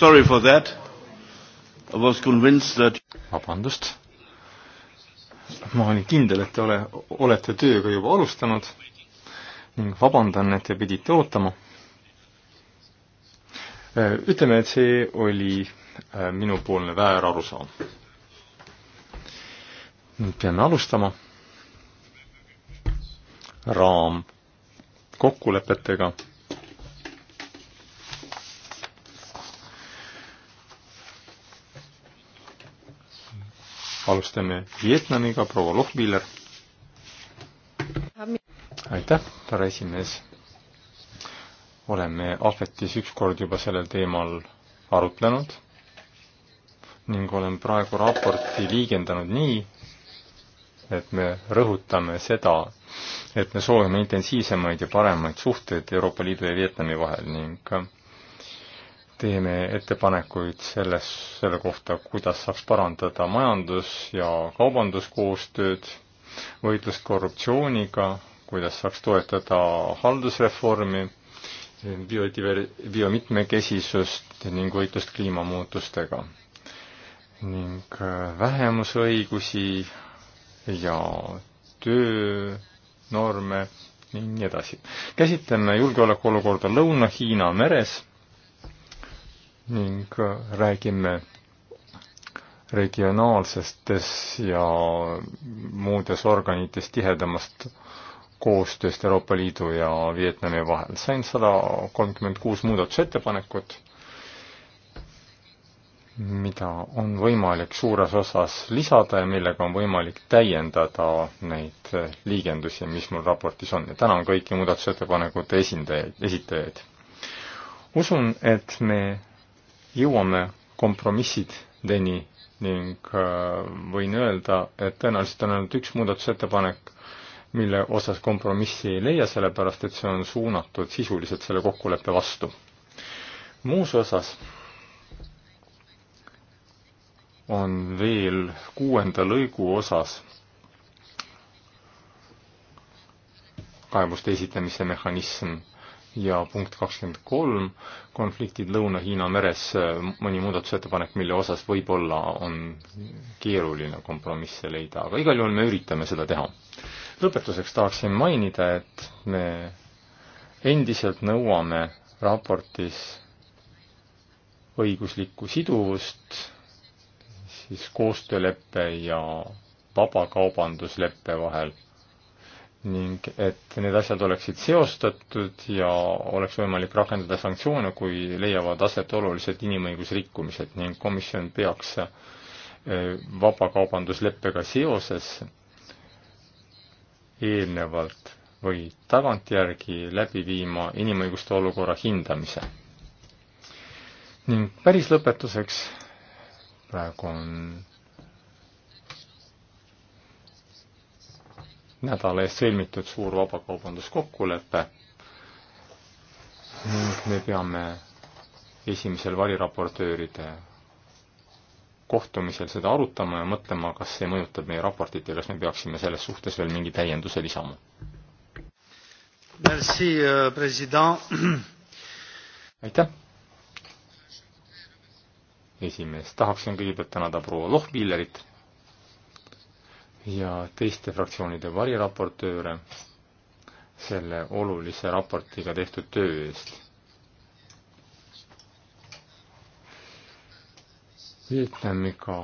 sorry for that. I was convinced that vabandust. ma olin kindel, et te ole, olete tööga juba alustanud ning vabandan, et te pidite ootama. Äh, ütleme, et see oli äh, minupoolne väärarusaam. nüüd peame alustama raamkokkulepetega alustame Vietnamiga, proua Lohbiller. aitäh, härra esimees. oleme Ahvetis ükskord juba sellel teemal arutlenud ning olen praegu raporti liigendanud nii, et me rõhutame seda, et me soovime intensiivsemaid ja paremaid suhteid Euroopa Liidu ja Vietnami vahel ning teeme ettepanekuid selles, selle kohta, kuidas saaks parandada majandus- ja kaubanduskoostööd, võitlust korruptsiooniga, kuidas saaks toetada haldusreformi, biodiver-, biomitmekesisust ning võitlust kliimamuutustega ning äh, vähemusõigusi ja töönorme ning nii edasi. käsitleme julgeolekuolukorda Lõuna-Hiina meres ning äh, räägime regionaalsestes ja muudes organites tihedamast koostööst Euroopa Liidu ja Vietnami vahel. sain sada kolmkümmend kuus muudatusettepanekut, mida on võimalik suures osas lisada ja millega on võimalik täiendada neid liigendusi, mis mul raportis on ja tänan kõiki muudatusettepanekute esindajaid, esitajaid. usun, et me jõuame kompromissideni ning äh, võin öelda, et tõenäoliselt on ainult üks muudatusettepanek, mille osas kompromissi ei leia, sellepärast et see on suunatud sisuliselt selle kokkuleppe vastu. muus osas on veel kuuenda lõigu osas kaebuste esitamise mehhanism ja punkt kakskümmend kolm, konfliktid Lõuna-Hiina meres, mõni muudatusettepanek, mille osas võib-olla on keeruline kompromisse leida, aga igal juhul me üritame seda teha. lõpetuseks tahaksin mainida, et me endiselt nõuame raportis õiguslikku siduvust, siis koostööleppe ja vabakaubandusleppe vahel ning et need asjad oleksid seostatud ja oleks võimalik rakendada sanktsioone, kui leiavad aset olulised inimõigusrikkumised ning komisjon peaks äh, vabakaubandusleppega seoses eelnevalt või tagantjärgi läbi viima inimõiguste olukorra hindamise. ning päris lõpetuseks, praegu on nädala eest sõlmitud suur vabakaubanduskokkulepe ning me peame esimesel variraportööride kohtumisel seda arutama ja mõtlema, kas see mõjutab meie raportit ja kas me peaksime selles suhtes veel mingi täienduse lisama. Merci, euh, president. aitäh. esimees, tahaksin kõigepealt tänada proua Lohmillerit ja teiste fraktsioonide variraportööre selle olulise raportiga tehtud töö eest. Vietnamiga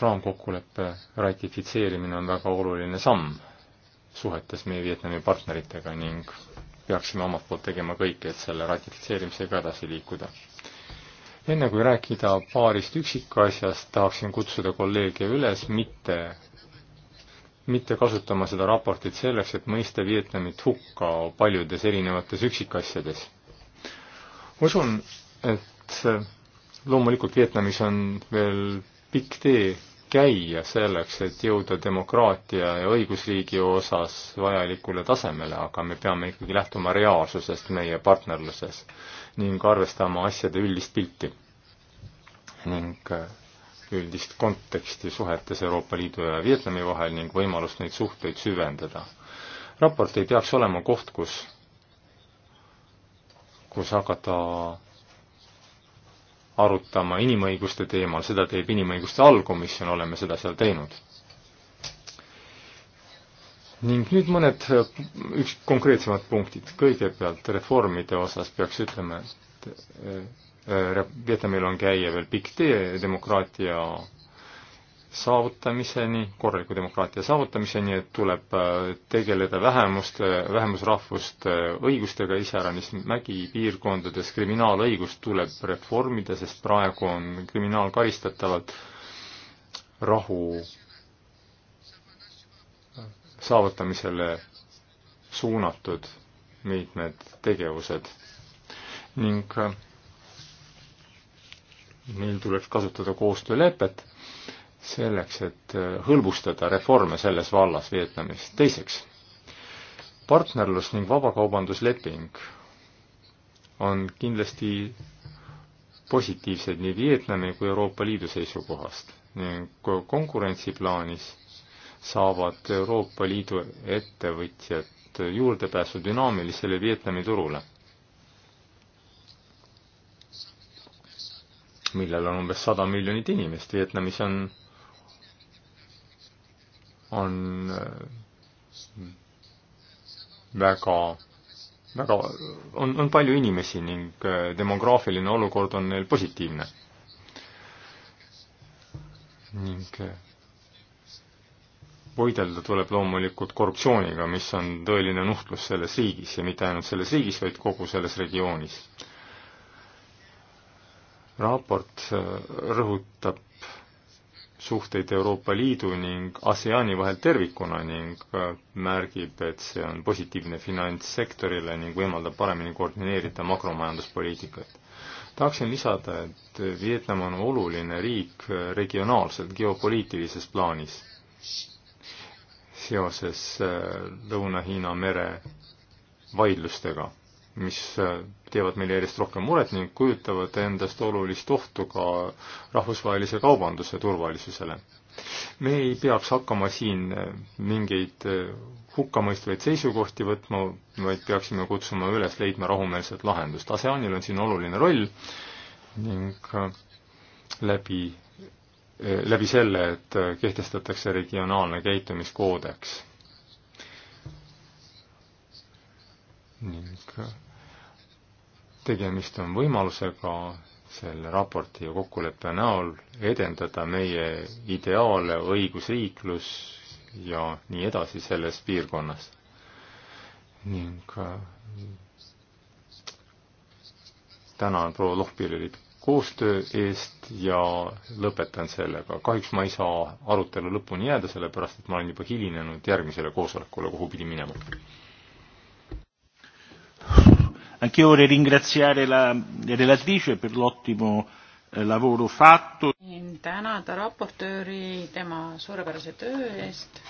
raamkokkuleppe ratifitseerimine on väga oluline samm suhetes meie Vietnami partneritega ning peaksime omalt poolt tegema kõik, et selle ratifitseerimisega edasi liikuda. enne kui rääkida paarist üksikasjast, tahaksin kutsuda kolleege üles mitte mitte kasutama seda raportit selleks, et mõista Vietnamit hukka paljudes erinevates üksikasjades. usun, et loomulikult Vietnamis on veel pikk tee käia selleks, et jõuda demokraatia ja õigusriigi osas vajalikule tasemele, aga me peame ikkagi lähtuma reaalsusest meie partnerluses ning arvestama asjade üldist pilti. ning üldist konteksti suhetes Euroopa Liidu ja Vietnami vahel ning võimalust neid suhteid süvendada. raport ei peaks olema koht, kus, kus hakata arutama inimõiguste teemal, seda teeb inimõiguste allkomisjon, oleme seda seal teinud. ning nüüd mõned, üks konkreetsemad punktid. kõigepealt reformide osas peaks ütlema, et Äh, Vietnamil on käia veel pikk tee demokraatia saavutamiseni, korraliku demokraatia saavutamiseni, et tuleb äh, tegeleda vähemuste, vähemusrahvuste äh, õigustega, iseäranis mägipiirkondades kriminaalõigust tuleb reformida, sest praegu on kriminaalkaristatavad rahu saavutamisele suunatud mitmed tegevused ning meil tuleks kasutada koostöölepet selleks, et äh, hõlbustada reforme selles vallas Vietnamis. teiseks, partnerlus ning vabakaubandusleping on kindlasti positiivsed nii Vietnami kui Euroopa Liidu seisukohast ning konkurentsiplaanis saavad Euroopa Liidu ettevõtjad juurdepääsu dünaamilisele Vietnami turule millel on umbes sada miljonit inimest. Vietnamis on, on äh, väga, väga, on, on palju inimesi ning äh, demograafiline olukord on neil positiivne. ning äh, võidelda tuleb loomulikult korruptsiooniga, mis on tõeline nuhtlus selles riigis ja mitte ainult selles riigis, vaid kogu selles regioonis raport äh, rõhutab suhteid Euroopa Liidu ning ASEAN-i vahel tervikuna ning äh, märgib, et see on positiivne finantssektorile ning võimaldab paremini koordineerida makromajanduspoliitikat. tahaksin lisada, et Vietnam on oluline riik äh, regionaalselt geopoliitilises plaanis seoses Lõuna-Hiina mere vaidlustega mis äh, teevad meile järjest rohkem muret ning kujutavad endast olulist ohtu ka rahvusvahelise kaubanduse turvalisusele. me ei peaks hakkama siin äh, mingeid äh, hukkamõistvaid seisukohti võtma, vaid peaksime kutsuma üles leidma rahumeelset lahendust. ASEANil on siin oluline roll ning läbi, läbi selle, et kehtestatakse regionaalne käitumiskoodeks ning tegemist on võimalusega selle raporti ja kokkuleppe näol edendada meie ideaale, õigusriiklus ja nii edasi selles piirkonnas. ning äh, tänan proua Lohpilerit koostöö eest ja lõpetan sellega. kahjuks ma ei saa arutelu lõpuni jääda, sellepärast et ma olen juba hilinenud järgmisele koosolekule, kuhu pidin minema. Anche io vorrei ringraziare la relatrice per l'ottimo eh, lavoro fatto. tänada raportööri tema suurepärase töö eest.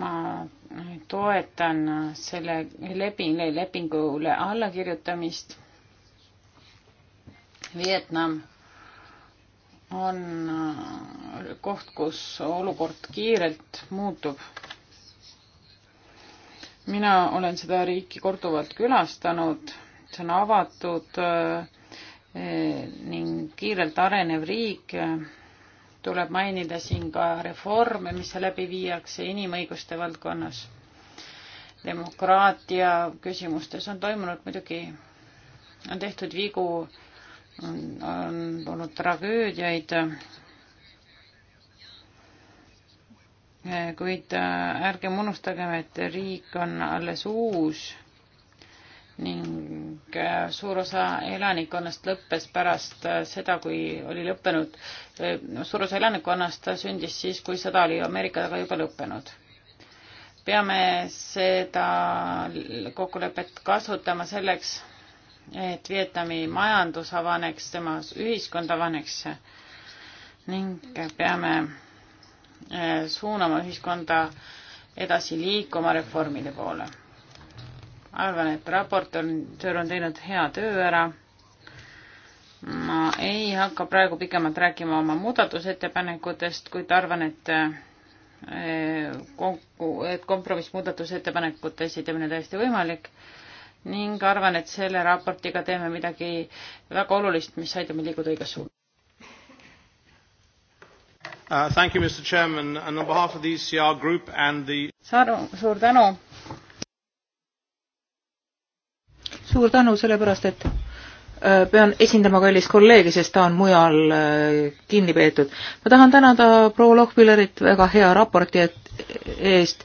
ma toetan selle leping, lepingule allakirjutamist. Vietnam on koht, kus olukord kiirelt muutub mina olen seda riiki korduvalt külastanud, see on avatud eh, ning kiirelt arenev riik. tuleb mainida siin ka reforme, mis läbi viiakse inimõiguste valdkonnas. demokraatia küsimustes on toimunud muidugi, on tehtud vigu, on olnud tragöödiaid kuid äh, ärgem unustagem, et riik on alles uus ning äh, suur osa elanikkonnast lõppes pärast äh, seda, kui oli lõppenud, suur osa elanikkonnast sündis siis, kui sõda oli Ameerika taga juba lõppenud. peame seda kokkulepet kasutama selleks, et Vietnami majandus avaneks, tema ühiskond avaneks ning peame Äh, suunama ühiskonda edasi liikuma reformide poole. arvan, et raportöör on teinud hea töö ära. ma ei hakka praegu pikemalt rääkima oma muudatusettepanekutest, kuid arvan, et äh, et kompromissmuudatusettepanekute esitamine täiesti võimalik ning arvan, et selle raportiga teeme midagi väga olulist, mis aitab meil liikuda õiges suunas. Uh, thank you, Mr Chairman, and on behalf of the ECR group and the Saru, suur tänu. suur tänu sellepärast, et äh, pean esindama kallist kolleegi, sest ta on mujal äh, kinni peetud. ma tahan tänada proua Lohvillerit väga hea raporti eest.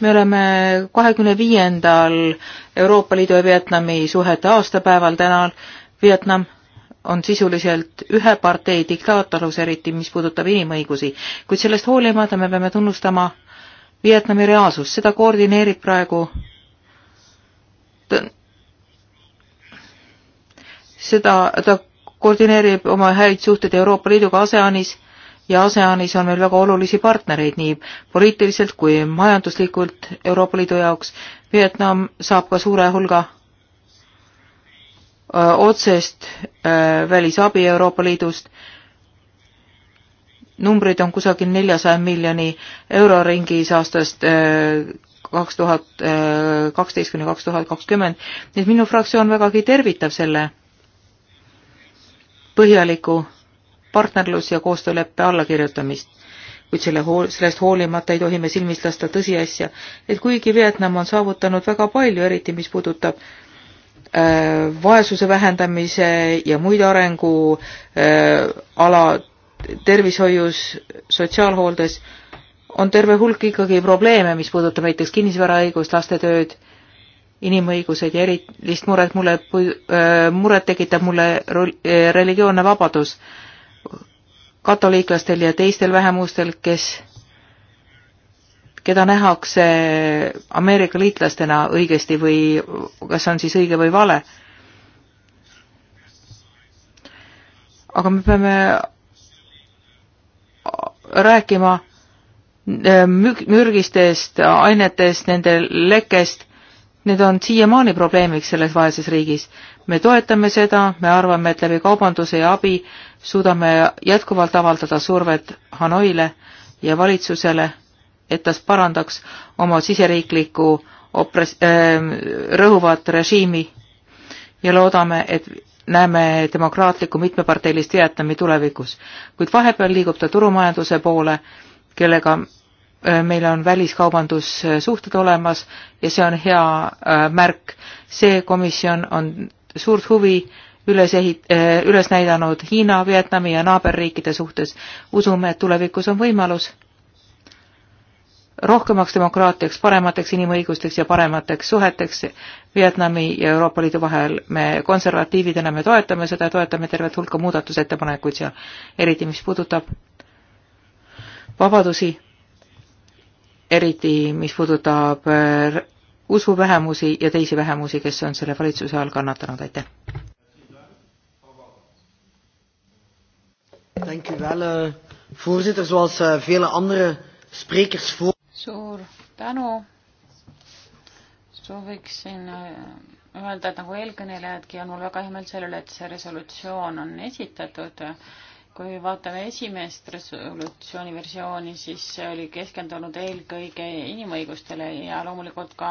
me oleme kahekümne viiendal Euroopa Liidu ja Vietnami suhete aastapäeval täna. Vietnam on sisuliselt ühe partei diktaatorlus, eriti mis puudutab inimõigusi, kuid sellest hoolimata me peame tunnustama Vietnami reaalsust, seda koordineerib praegu ta, seda ta koordineerib oma häid suhteid Euroopa Liiduga ASEANis ja ASEANis on meil väga olulisi partnereid nii poliitiliselt kui majanduslikult Euroopa Liidu jaoks. Vietnam saab ka suure hulga Äh, otsest äh, välisabi Euroopa Liidust. numbrid on kusagil neljasaja miljoni euro ringis aastast äh, kaks tuhat kaksteist kuni kaks tuhat kakskümmend, nii et minu fraktsioon vägagi tervitab selle põhjaliku partnerlus- ja koostööleppe allakirjutamist. kuid selle hool, sellest hoolimata ei tohi me silmist lasta tõsiasja, et kuigi Vietnam on saavutanud väga palju, eriti mis puudutab äh, Äh, vaesuse vähendamise ja muid arenguala äh, tervishoius, sotsiaalhooldes, on terve hulk ikkagi probleeme, mis puudutab näiteks kinnisvaraõigust, lastetööd, inimõigused ja erilist muret mulle, äh, muret tekitab mulle religioonne vabadus katoliiklastel ja teistel vähemustel, kes keda nähakse Ameerika liitlastena õigesti või kas on siis õige või vale. aga me peame rääkima äh, mürgistest ainetest, nende lekest, need on siiamaani probleemiks selles vaeses riigis. me toetame seda, me arvame, et läbi kaubanduse ja abi suudame jätkuvalt avaldada survet Hanoile ja valitsusele et ta parandaks oma siseriikliku opres-, ähm, rõhuvat režiimi ja loodame, et näeme demokraatlikku mitmeparteilist Vietnami tulevikus. kuid vahepeal liigub ta turumajanduse poole, kellega äh, meil on väliskaubandussuhted äh, olemas ja see on hea äh, märk. see komisjon on suurt huvi üles ehit-, üles näidanud Hiina, Vietnami ja naaberriikide suhtes. usume, et tulevikus on võimalus rohkemaks demokraatiaks, paremateks inimõigusteks ja paremateks suheteks Vietnami ja Euroopa Liidu vahel. me konservatiividena, me toetame seda ja toetame tervet hulka muudatusettepanekuid seal, eriti mis puudutab vabadusi, eriti mis puudutab äh, usuvähemusi ja teisi vähemusi, kes on selle valitsuse all kannatanud, aitäh! Eh, voorzitter zoals eh, vele andere sprekers voor suur tänu. sooviksin äh, öelda, et nagu eelkõnelejadki, on mul väga hea meel selle üle, et see resolutsioon on esitatud. kui vaatame esimest resolutsiooni versiooni, siis see oli keskendunud eelkõige inimõigustele ja loomulikult ka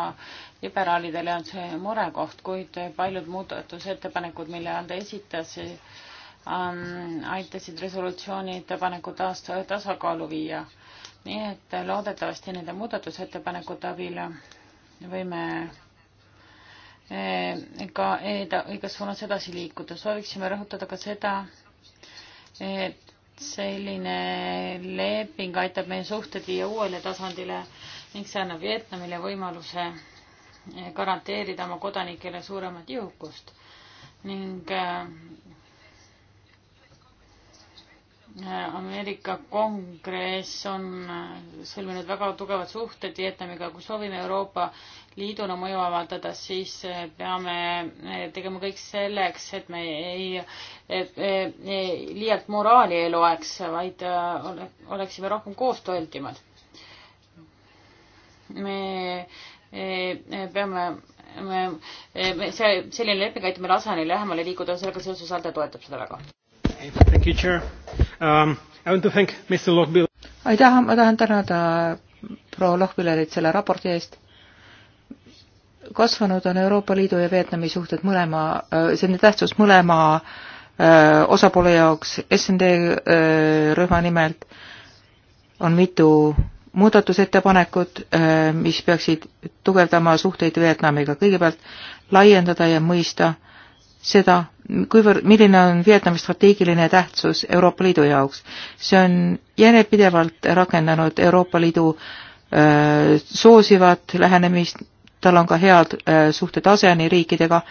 liberaalidele on see murekoht, kuid paljud muudatusettepanekud, mille nad esitasid, ähm, aitasid resolutsiooni ettepaneku taas tasakaalu viia nii et loodetavasti nende muudatusettepanekute abil võime eh, ka õiges suunas edasi liikuda. sooviksime rõhutada ka seda, et selline leping aitab meie suhted viia uuele tasandile ning see annab Vietnamile võimaluse eh, garanteerida oma kodanikele suuremat jõukust ning eh, Ameerika Kongress on sõlminud väga tugevad suhted Vietnamiga, kui soovime Euroopa Liiduna mõju avaldada, siis peame tegema kõik selleks, et me ei, et, ei liialt moraali ei loeks, vaid ole, oleksime rohkem koostööldimad. me e, peame me, e, me, see, selline leping aitab meil asani lähemale liikuda, sellega seoses Alde toetab seda väga. Um, aitäh, ma tahan tänada äh, proua Lohvillerit selle raporti eest. kasvanud on Euroopa Liidu ja Vietnami suhted mõlema, äh, selline tähtsus mõlema öö, äh, osapoole jaoks, SND öö, rühma nimelt on mitu muudatusettepanekud, mis peaksid tugevdama suhteid Vietnamiga. kõigepealt laiendada ja mõista seda, kuivõrd, milline on Vietnami strateegiline tähtsus Euroopa Liidu jaoks. see on järjepidevalt rakendanud Euroopa Liidu öö, soosivat lähenemist, tal on ka head öö, suhted ASEAN-i riikidega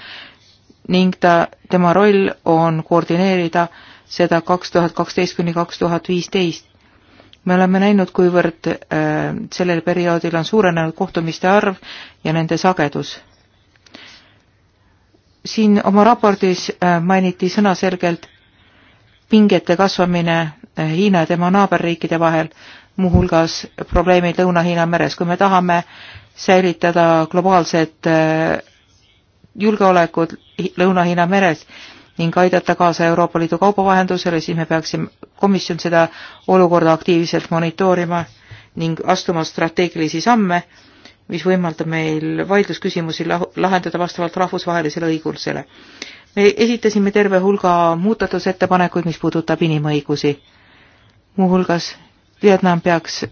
ning ta, tema roll on koordineerida seda kaks tuhat kaksteist kuni kaks tuhat viisteist. me oleme näinud, kuivõrd öö, sellel perioodil on suurenenud kohtumiste arv ja nende sagedus siin oma raportis äh, mainiti sõnaselgelt pingete kasvamine äh, Hiina ja tema naaberriikide vahel, muuhulgas probleemid Lõuna-Hiina meres. kui me tahame säilitada globaalset äh, julgeolekut Lõuna-Hiina meres ning aidata kaasa Euroopa Liidu kaubavahendusele, siis me peaksime, komisjon seda olukorda aktiivselt monitoorima ning astuma strateegilisi samme mis võimaldab meil vaidlusküsimusi lahendada vastavalt rahvusvahelisele õigusele. me esitasime terve hulga muudatusettepanekuid, mis puudutab inimõigusi. muuhulgas Vietnam peaks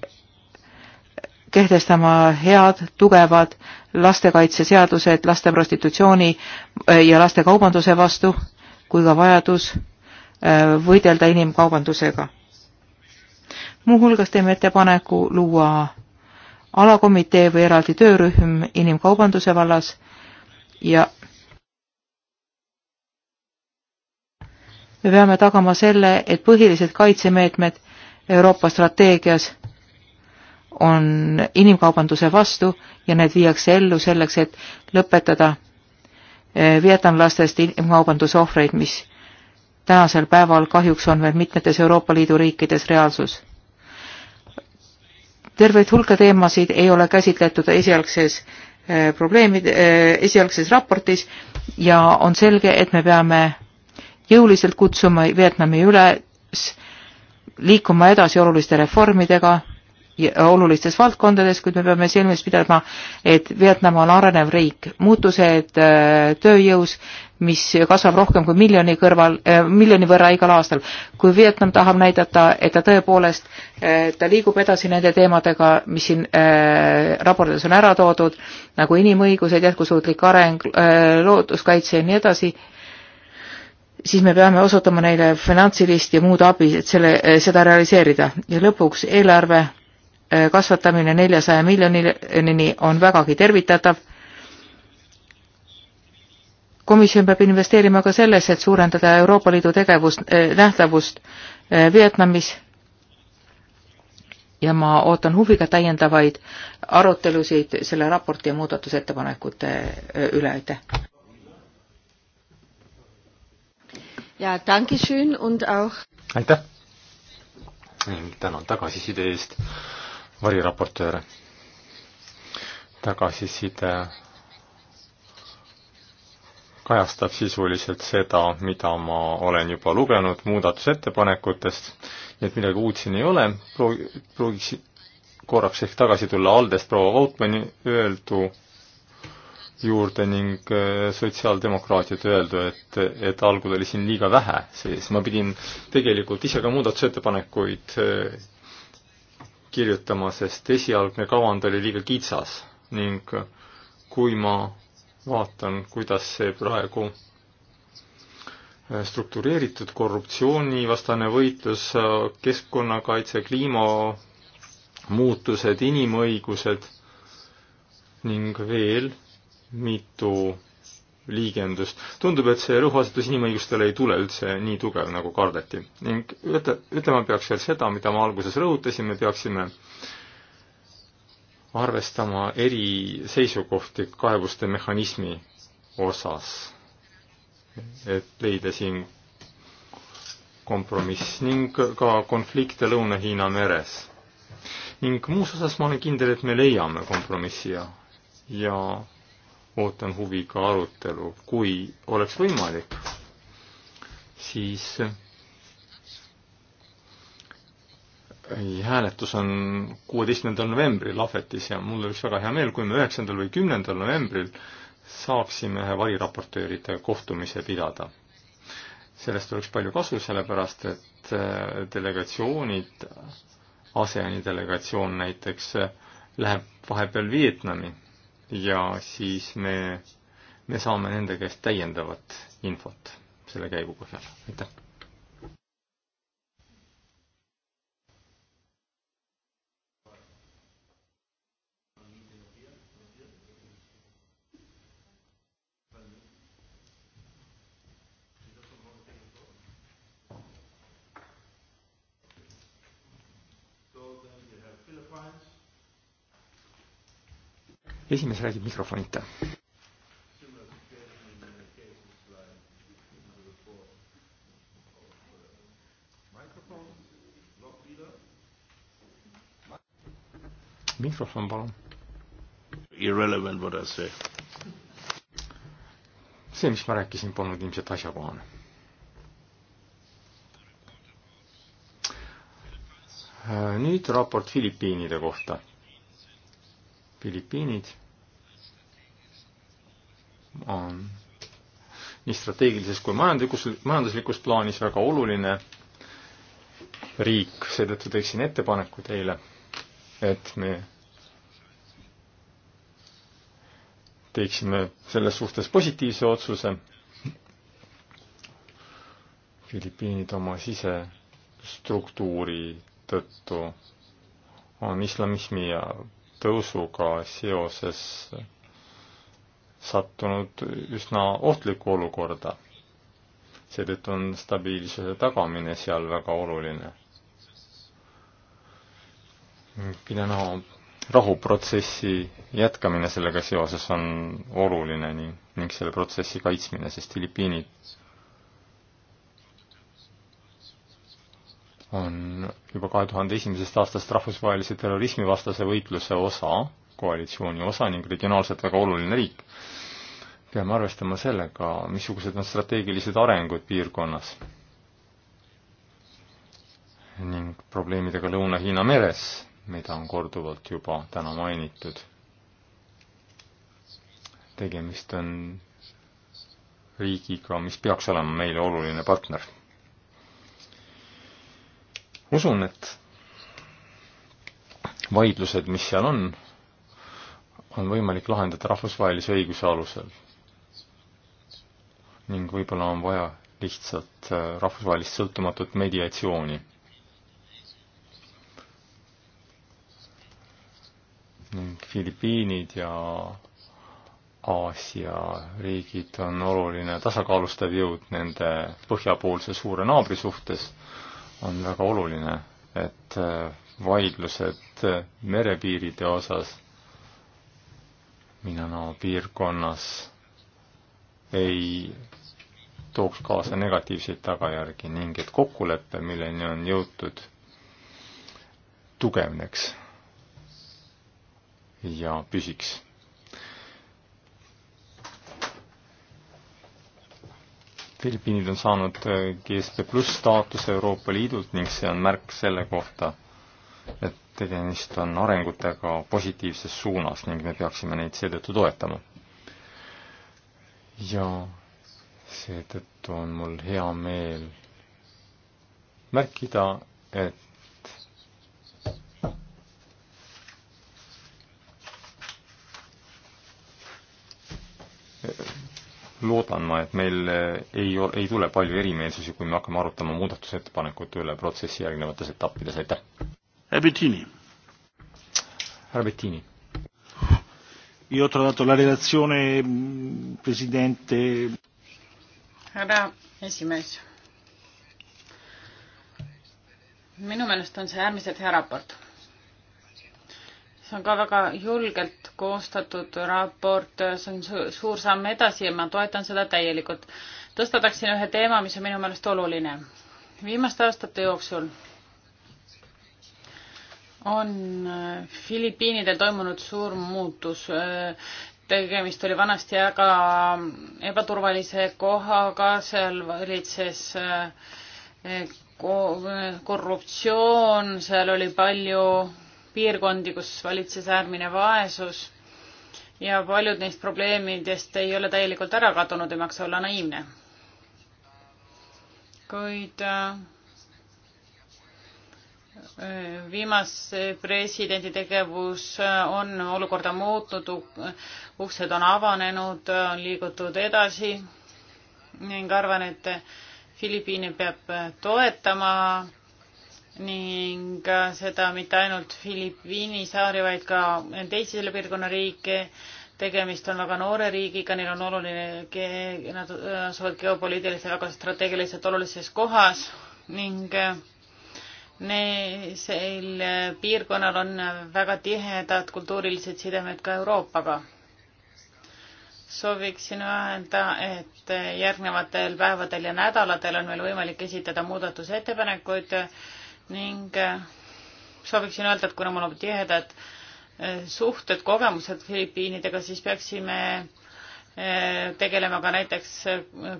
kehtestama head, tugevad lastekaitseseadused laste prostitutsiooni äh, ja lastekaubanduse vastu, kui ka vajadus äh, võidelda inimkaubandusega. muuhulgas teeme ettepaneku luua alakomitee või eraldi töörühm inimkaubanduse vallas ja me peame tagama selle, et põhilised kaitsemeetmed Euroopa strateegias on inimkaubanduse vastu ja need viiakse ellu selleks, et lõpetada eh, vietnamlastest inimkaubanduse ohvreid, mis tänasel päeval kahjuks on veel mitmetes Euroopa Liidu riikides reaalsus terveid hulka teemasid ei ole käsitletud esialgses äh, probleemid, äh, esialgses raportis ja on selge, et me peame jõuliselt kutsuma Vietnami üles liikuma edasi oluliste reformidega olulistes valdkondades, kuid me peame silmis pidama, et Vietnam on arenev riik. muutused äh, tööjõus, mis kasvab rohkem kui miljoni kõrval, äh, miljoni võrra igal aastal. kui Vietnam tahab näidata, et ta tõepoolest, äh, ta liigub edasi nende teemadega, mis siin äh, raportis on ära toodud, nagu inimõigused, jätkusuutlik areng, looduskaitse ja nii edasi, siis me peame osutama neile finantsilist ja muud abi, et selle, seda realiseerida. ja lõpuks eelarve kasvatamine neljasaja miljonini on vägagi tervitatav komisjon peab investeerima ka sellesse, et suurendada Euroopa Liidu tegevust äh,, nähtavust äh, Vietnamis ja ma ootan huviga täiendavaid arutelusid selle raporti ja muudatusettepanekute eh, üle, aitäh! ja dankeschön und auch aitäh! ning tänan tagasiside eest, variraportöör. tagasiside kajastab sisuliselt seda, mida ma olen juba lugenud muudatusettepanekutest, nii et midagi uut siin ei ole, proovi-, prooviks korraks ehk tagasi tulla Aldest proua Vautmani öeldu juurde ning äh, sotsiaaldemokraatide öeldu, et, et algul oli siin liiga vähe sees, ma pidin tegelikult ise ka muudatusettepanekuid äh, kirjutama, sest esialgne kavand oli liiga kitsas ning äh, kui ma vaatan, kuidas see praegu äh, struktureeritud korruptsioonivastane võitlus, äh, keskkonnakaitse, kliimamuutused, inimõigused ning veel mitu liigendust. tundub, et see rõhuasetus inimõigustele ei tule üldse nii tugev, nagu kardeti. ning ütle, ütlema peaks veel seda, mida me alguses rõhutasime, peaksime äh, arvestama eri seisukohti kaebuste mehhanismi osas, et leida siin kompromiss ning ka konflikte Lõuna-Hiina meres. ning muus osas ma olen kindel, et me leiame kompromissi ja, ja ootan huviga arutelu, kui oleks võimalik, siis ei, hääletus on kuueteistkümnendal novembril Ahvetis ja mul oleks väga hea meel, kui me üheksandal või kümnendal novembril saaksime ühe variraportööride kohtumise pidada. sellest oleks palju kasu, sellepärast et äh, delegatsioonid, ASEAN-i delegatsioon näiteks äh, läheb vahepeal Vietnami ja siis me, me saame nende käest täiendavat infot selle käigu põhjal, aitäh! esimees räägib mikrofonita. mikrofon, palun. Irrelevant what I say. see, mis ma rääkisin, polnud ilmselt asjakohane. Äh, nüüd raport Filipiinide kohta Filipiinid on nii strateegilises kui majanduslikus, majanduslikus plaanis väga oluline riik, seetõttu teeksin ettepaneku teile, et me teeksime selles suhtes positiivse otsuse. Filipiinid oma sisestruktuuri tõttu on islamismi ja tõusuga seoses sattunud üsna ohtlikku olukorda. seetõttu on stabiilsuse tagamine seal väga oluline. pidevalt rahuprotsessi jätkamine sellega seoses on oluline ning, ning selle protsessi kaitsmine, sest Filipiinid on juba kahe tuhande esimesest aastast rahvusvahelise terrorismivastase võitluse osa, koalitsiooni osa ning regionaalselt väga oluline riik. peame arvestama sellega, missugused on strateegilised arengud piirkonnas ning probleemidega Lõuna-Hiina meres, mida on korduvalt juba täna mainitud. tegemist on riigiga, mis peaks olema meile oluline partner usun, et vaidlused, mis seal on, on võimalik lahendada rahvusvahelise õiguse alusel. ning võib-olla on vaja lihtsalt äh, rahvusvahelist sõltumatut mediatsiooni. ning Filipiinid ja Aasia riigid on oluline tasakaalustav jõud nende põhjapoolse suure naabri suhtes on väga oluline, et äh, vaidlused äh, merepiiride osas Minano piirkonnas ei tooks kaasa negatiivseid tagajärgi ning et kokkulepe, milleni on jõutud, tugevneks ja püsiks Filipiinid on saanud äh, GSP pluss staatuse Euroopa Liidult ning see on märk selle kohta, et tegemist on arengutega positiivses suunas ning me peaksime neid seetõttu toetama. ja seetõttu on mul hea meel märkida, et loodan ma, et meil eh, ei, ei tule palju erimeelsusi, kui me hakkame arutama muudatusettepanekute üle protsessi järgnevates etappides, aitäh! härra Bettini. härra Bettini. Io ho trovato la relazione, mm, presidente. härra esimees. minu meelest on see äärmiselt hea raport see on ka väga julgelt koostatud raport, see on su suur samm edasi ja ma toetan seda täielikult. tõstataksin ühe teema, mis on minu meelest oluline. viimaste aastate jooksul on äh, Filipiinidel toimunud suur muutus. Äh, tegemist oli vanasti väga ebaturvalise kohaga, seal valitses äh, korruptsioon, seal oli palju piirkondi, kus valitses äärmine vaesus ja paljud neist probleemidest ei ole täielikult ära kadunud, ei maksa olla naiivne. kuid äh, viimase presidendi tegevus äh, on olukorda muutnud, uksed on avanenud, äh, on liigutud edasi ning arvan, et Filipiine peab toetama ning äh, seda mitte ainult Filipiini saari, vaid ka teisi selle piirkonna riike. tegemist on väga noore riigiga, neil on oluline, nad äh, asuvad geopoliitiliselt väga strateegiliselt olulises kohas ning äh, ne-, sel piirkonnal on väga tihedad kultuurilised sidemed ka Euroopaga. sooviksin öelda, et järgnevatel päevadel ja nädalatel on meil võimalik esitada muudatusettepanekuid ning äh, sooviksin öelda, et kuna mul on tihedad äh, suhted, kogemused Filipiinidega, siis peaksime äh, tegelema ka näiteks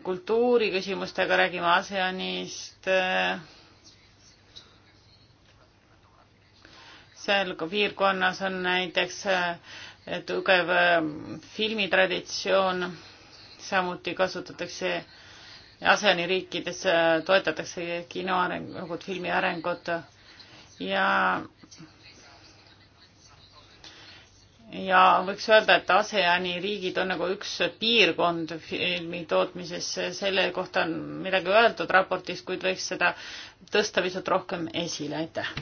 kultuuriküsimustega, räägime ASEANist. seal piirkonnas on näiteks tugev filmitraditsioon, samuti kasutatakse äh, ASEAN-i riikides äh, toetatakse kino arengut, filmi arengut ja ja võiks öelda, et ASEAN-i riigid on nagu üks piirkond filmi tootmises, selle kohta on midagi öeldud raportis, kuid võiks seda tõsta pisut rohkem esile, aitäh.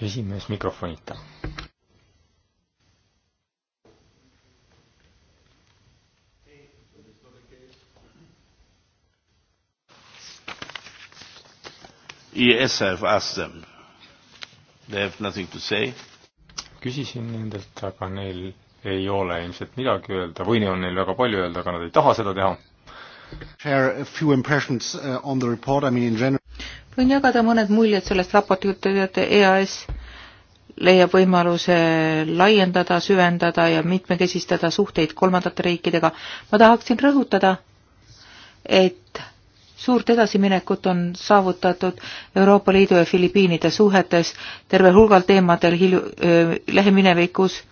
esimees mikrofonita. ES have asked them. They have nothing to say. küsisin nendelt, aga neil ei ole ilmselt midagi öelda või neil on neil väga palju öelda, aga nad ei taha seda teha. Share a few impressions uh, on the report, I mean in general võin jagada mõned muljed sellest raportiga, te teate, EAS leiab võimaluse laiendada, süvendada ja mitmekesistada suhteid kolmandate riikidega. ma tahaksin rõhutada, et suurt edasiminekut on saavutatud Euroopa Liidu ja Filipiinide suhetes terve hulgal teemadel hilju- äh,, lähiminevikus äh,,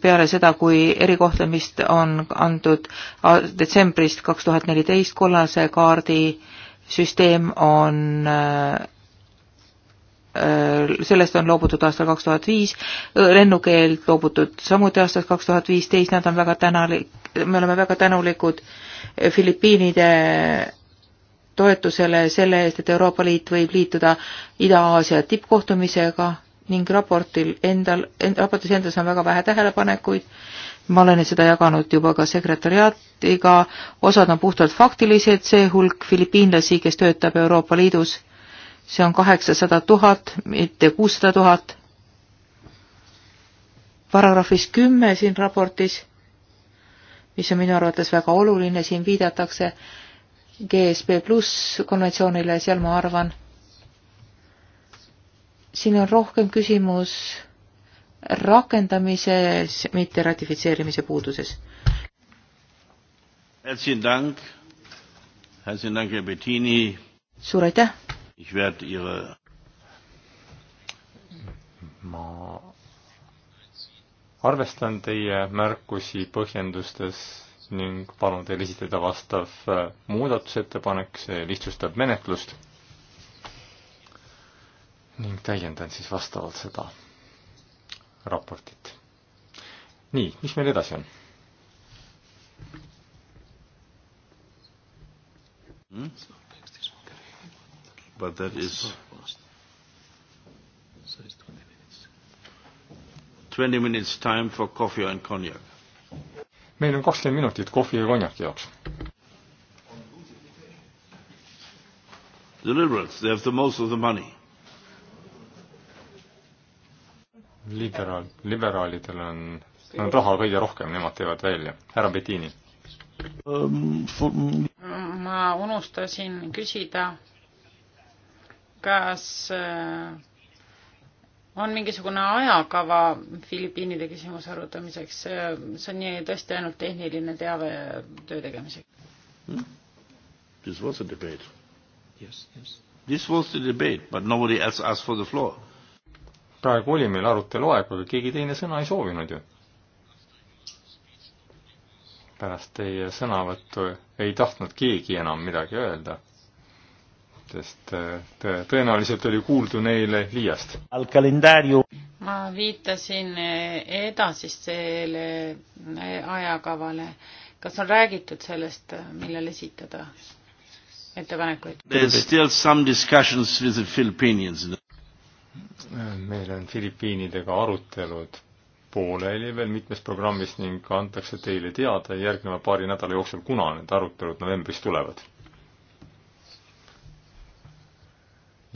peale seda, kui erikohtlemist on antud detsembrist kaks tuhat neliteist kollase kaardi äh, süsteem on äh, sellest on loobutud aastal kaks tuhat viis, lennukeeld loobutud samuti aastast kaks tuhat viisteist, nad on väga tänulik, me oleme väga tänulikud Filipiinide toetusele selle eest, et Euroopa Liit võib liituda Ida-Aasia tippkohtumisega ning raportil endal en,, raportis endas on väga vähe tähelepanekuid ma olen seda jaganud juba ka sekretariaatiga, osad on puhtalt faktilised, see hulk filipiinlasi, kes töötab Euroopa Liidus, see on kaheksasada tuhat, mitte kuussada tuhat. paragrahvis kümme siin raportis, mis on minu arvates väga oluline, siin viidatakse GSB pluss konventsioonile, seal ma arvan, siin on rohkem küsimus rakendamises, mitte ratifitseerimise puuduses. suur aitäh! ma arvestan teie märkusi põhjendustes ning palun teil esitada vastav äh, muudatusettepanek, see lihtsustab menetlust ning täiendan siis vastavalt seda raportit. nii, mis meil edasi on? Hmm? But that is 20 minutes time for coffee and cognac. meil on kakskümmend minutit kohvi ja konjaki jaoks. The liberals, they have the most of the money liberaal, liberaalidel on, on raha kõige rohkem, nemad teevad välja. härra Bettini. Ähm, ma unustasin küsida, kas äh, on mingisugune ajakava Filipiinide küsimuse arutamiseks, äh, see on nii tõesti ainult tehniline teave töö tegemiseks hmm?? This was a debate yes,. Yes. This was the debate, but nobody else asked for the floor praegu oli meil arutelu aeg, aga keegi teine sõna ei soovinud ju. pärast teie sõnavõttu ei tahtnud keegi enam midagi öelda, sest äh, tõenäoliselt oli kuuldu neile liiast. ma viitasin äh, edasistele äh, ajakavale. kas on räägitud sellest, millal esitada ettepanekuid? There is still some discussions with the Philippines meil on Filipiinidega arutelud pooleli veel mitmes programmis ning antakse teile teada järgneva paari nädala jooksul, kuna need arutelud novembris tulevad.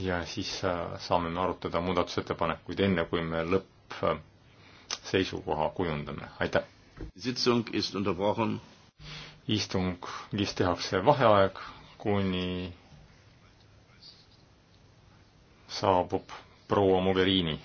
ja siis äh, saame me arutada muudatusettepanekuid, enne kui me lõppseisukoha kujundame, aitäh! istungis tehakse vaheaeg, kuni saabub proua Mogherini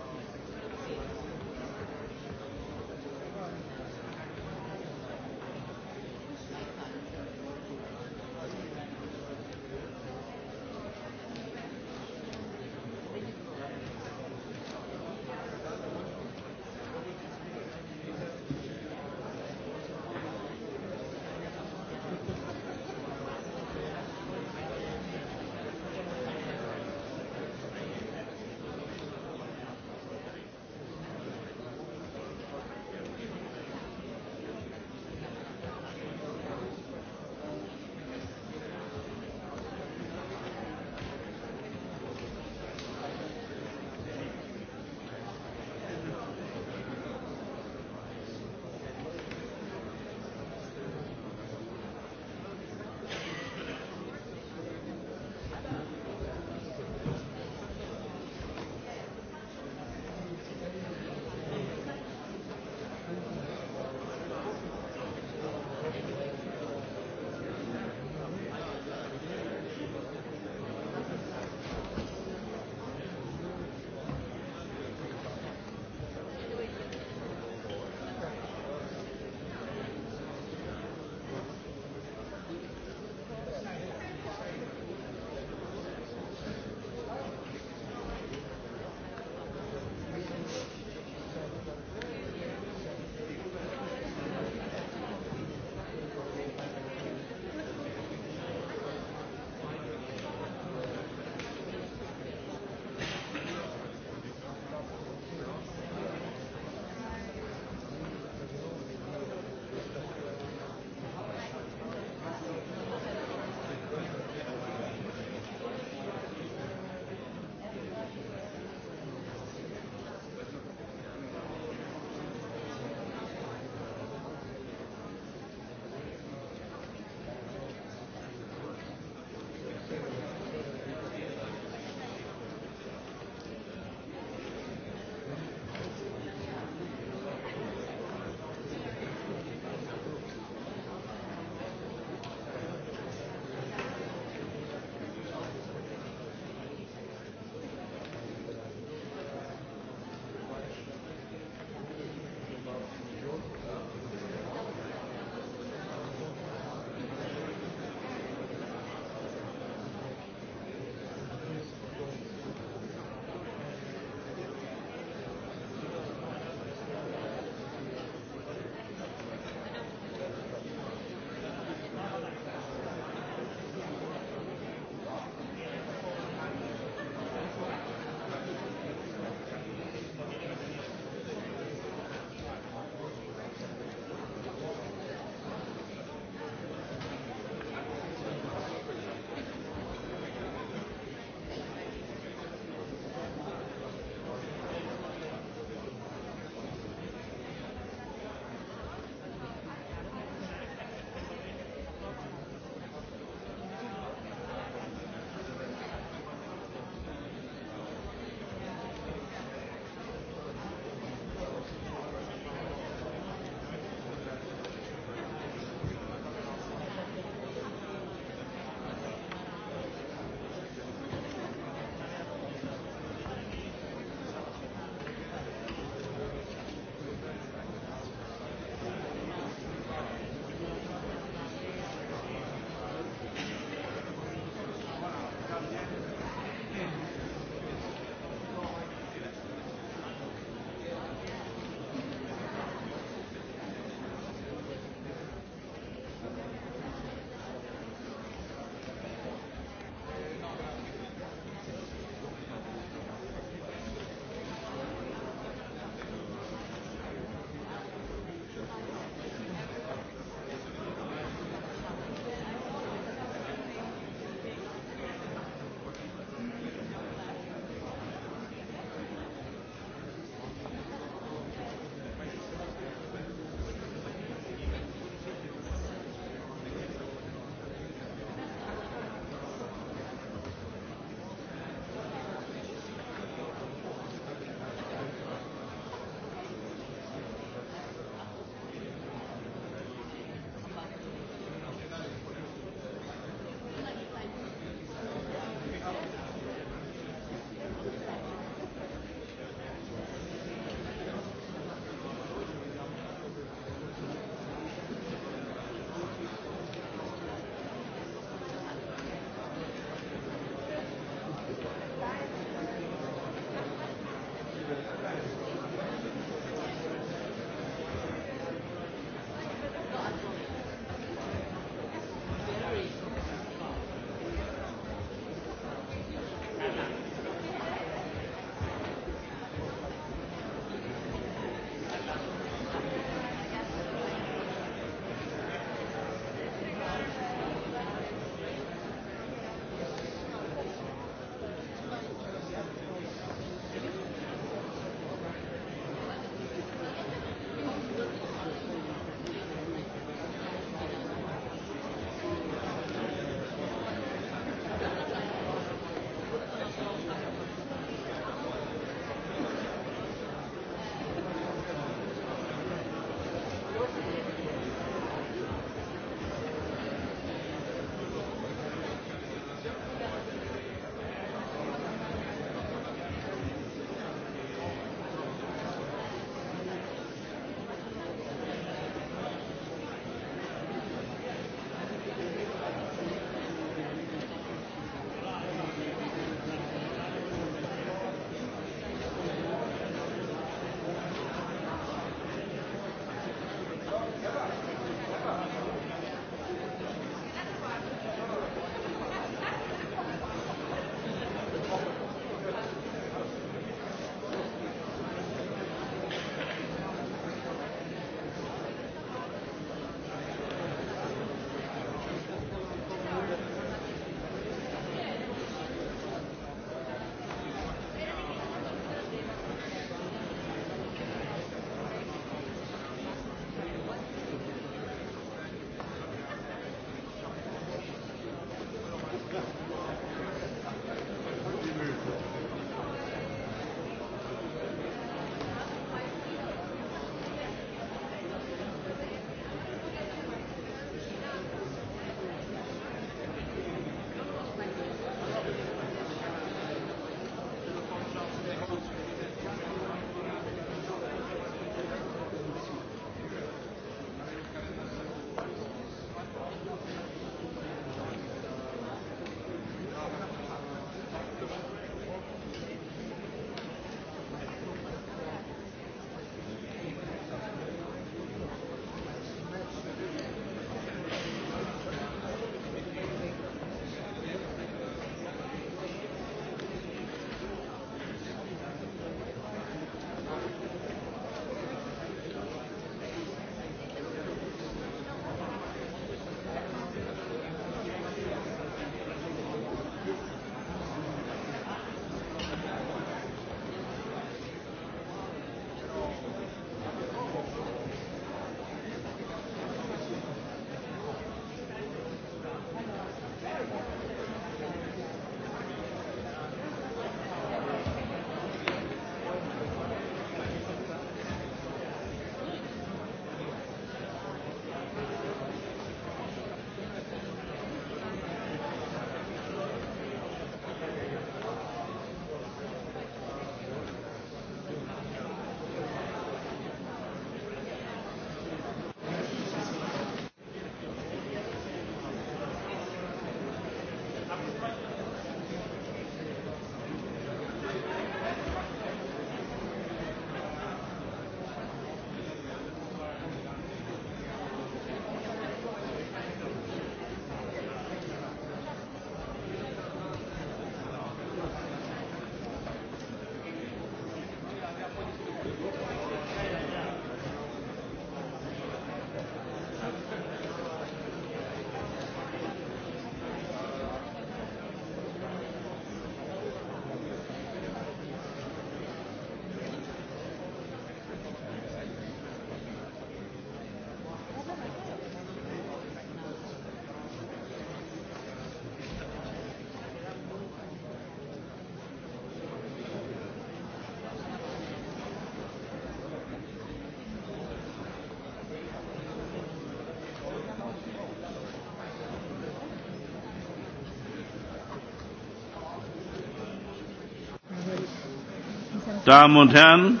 Damen und Herren.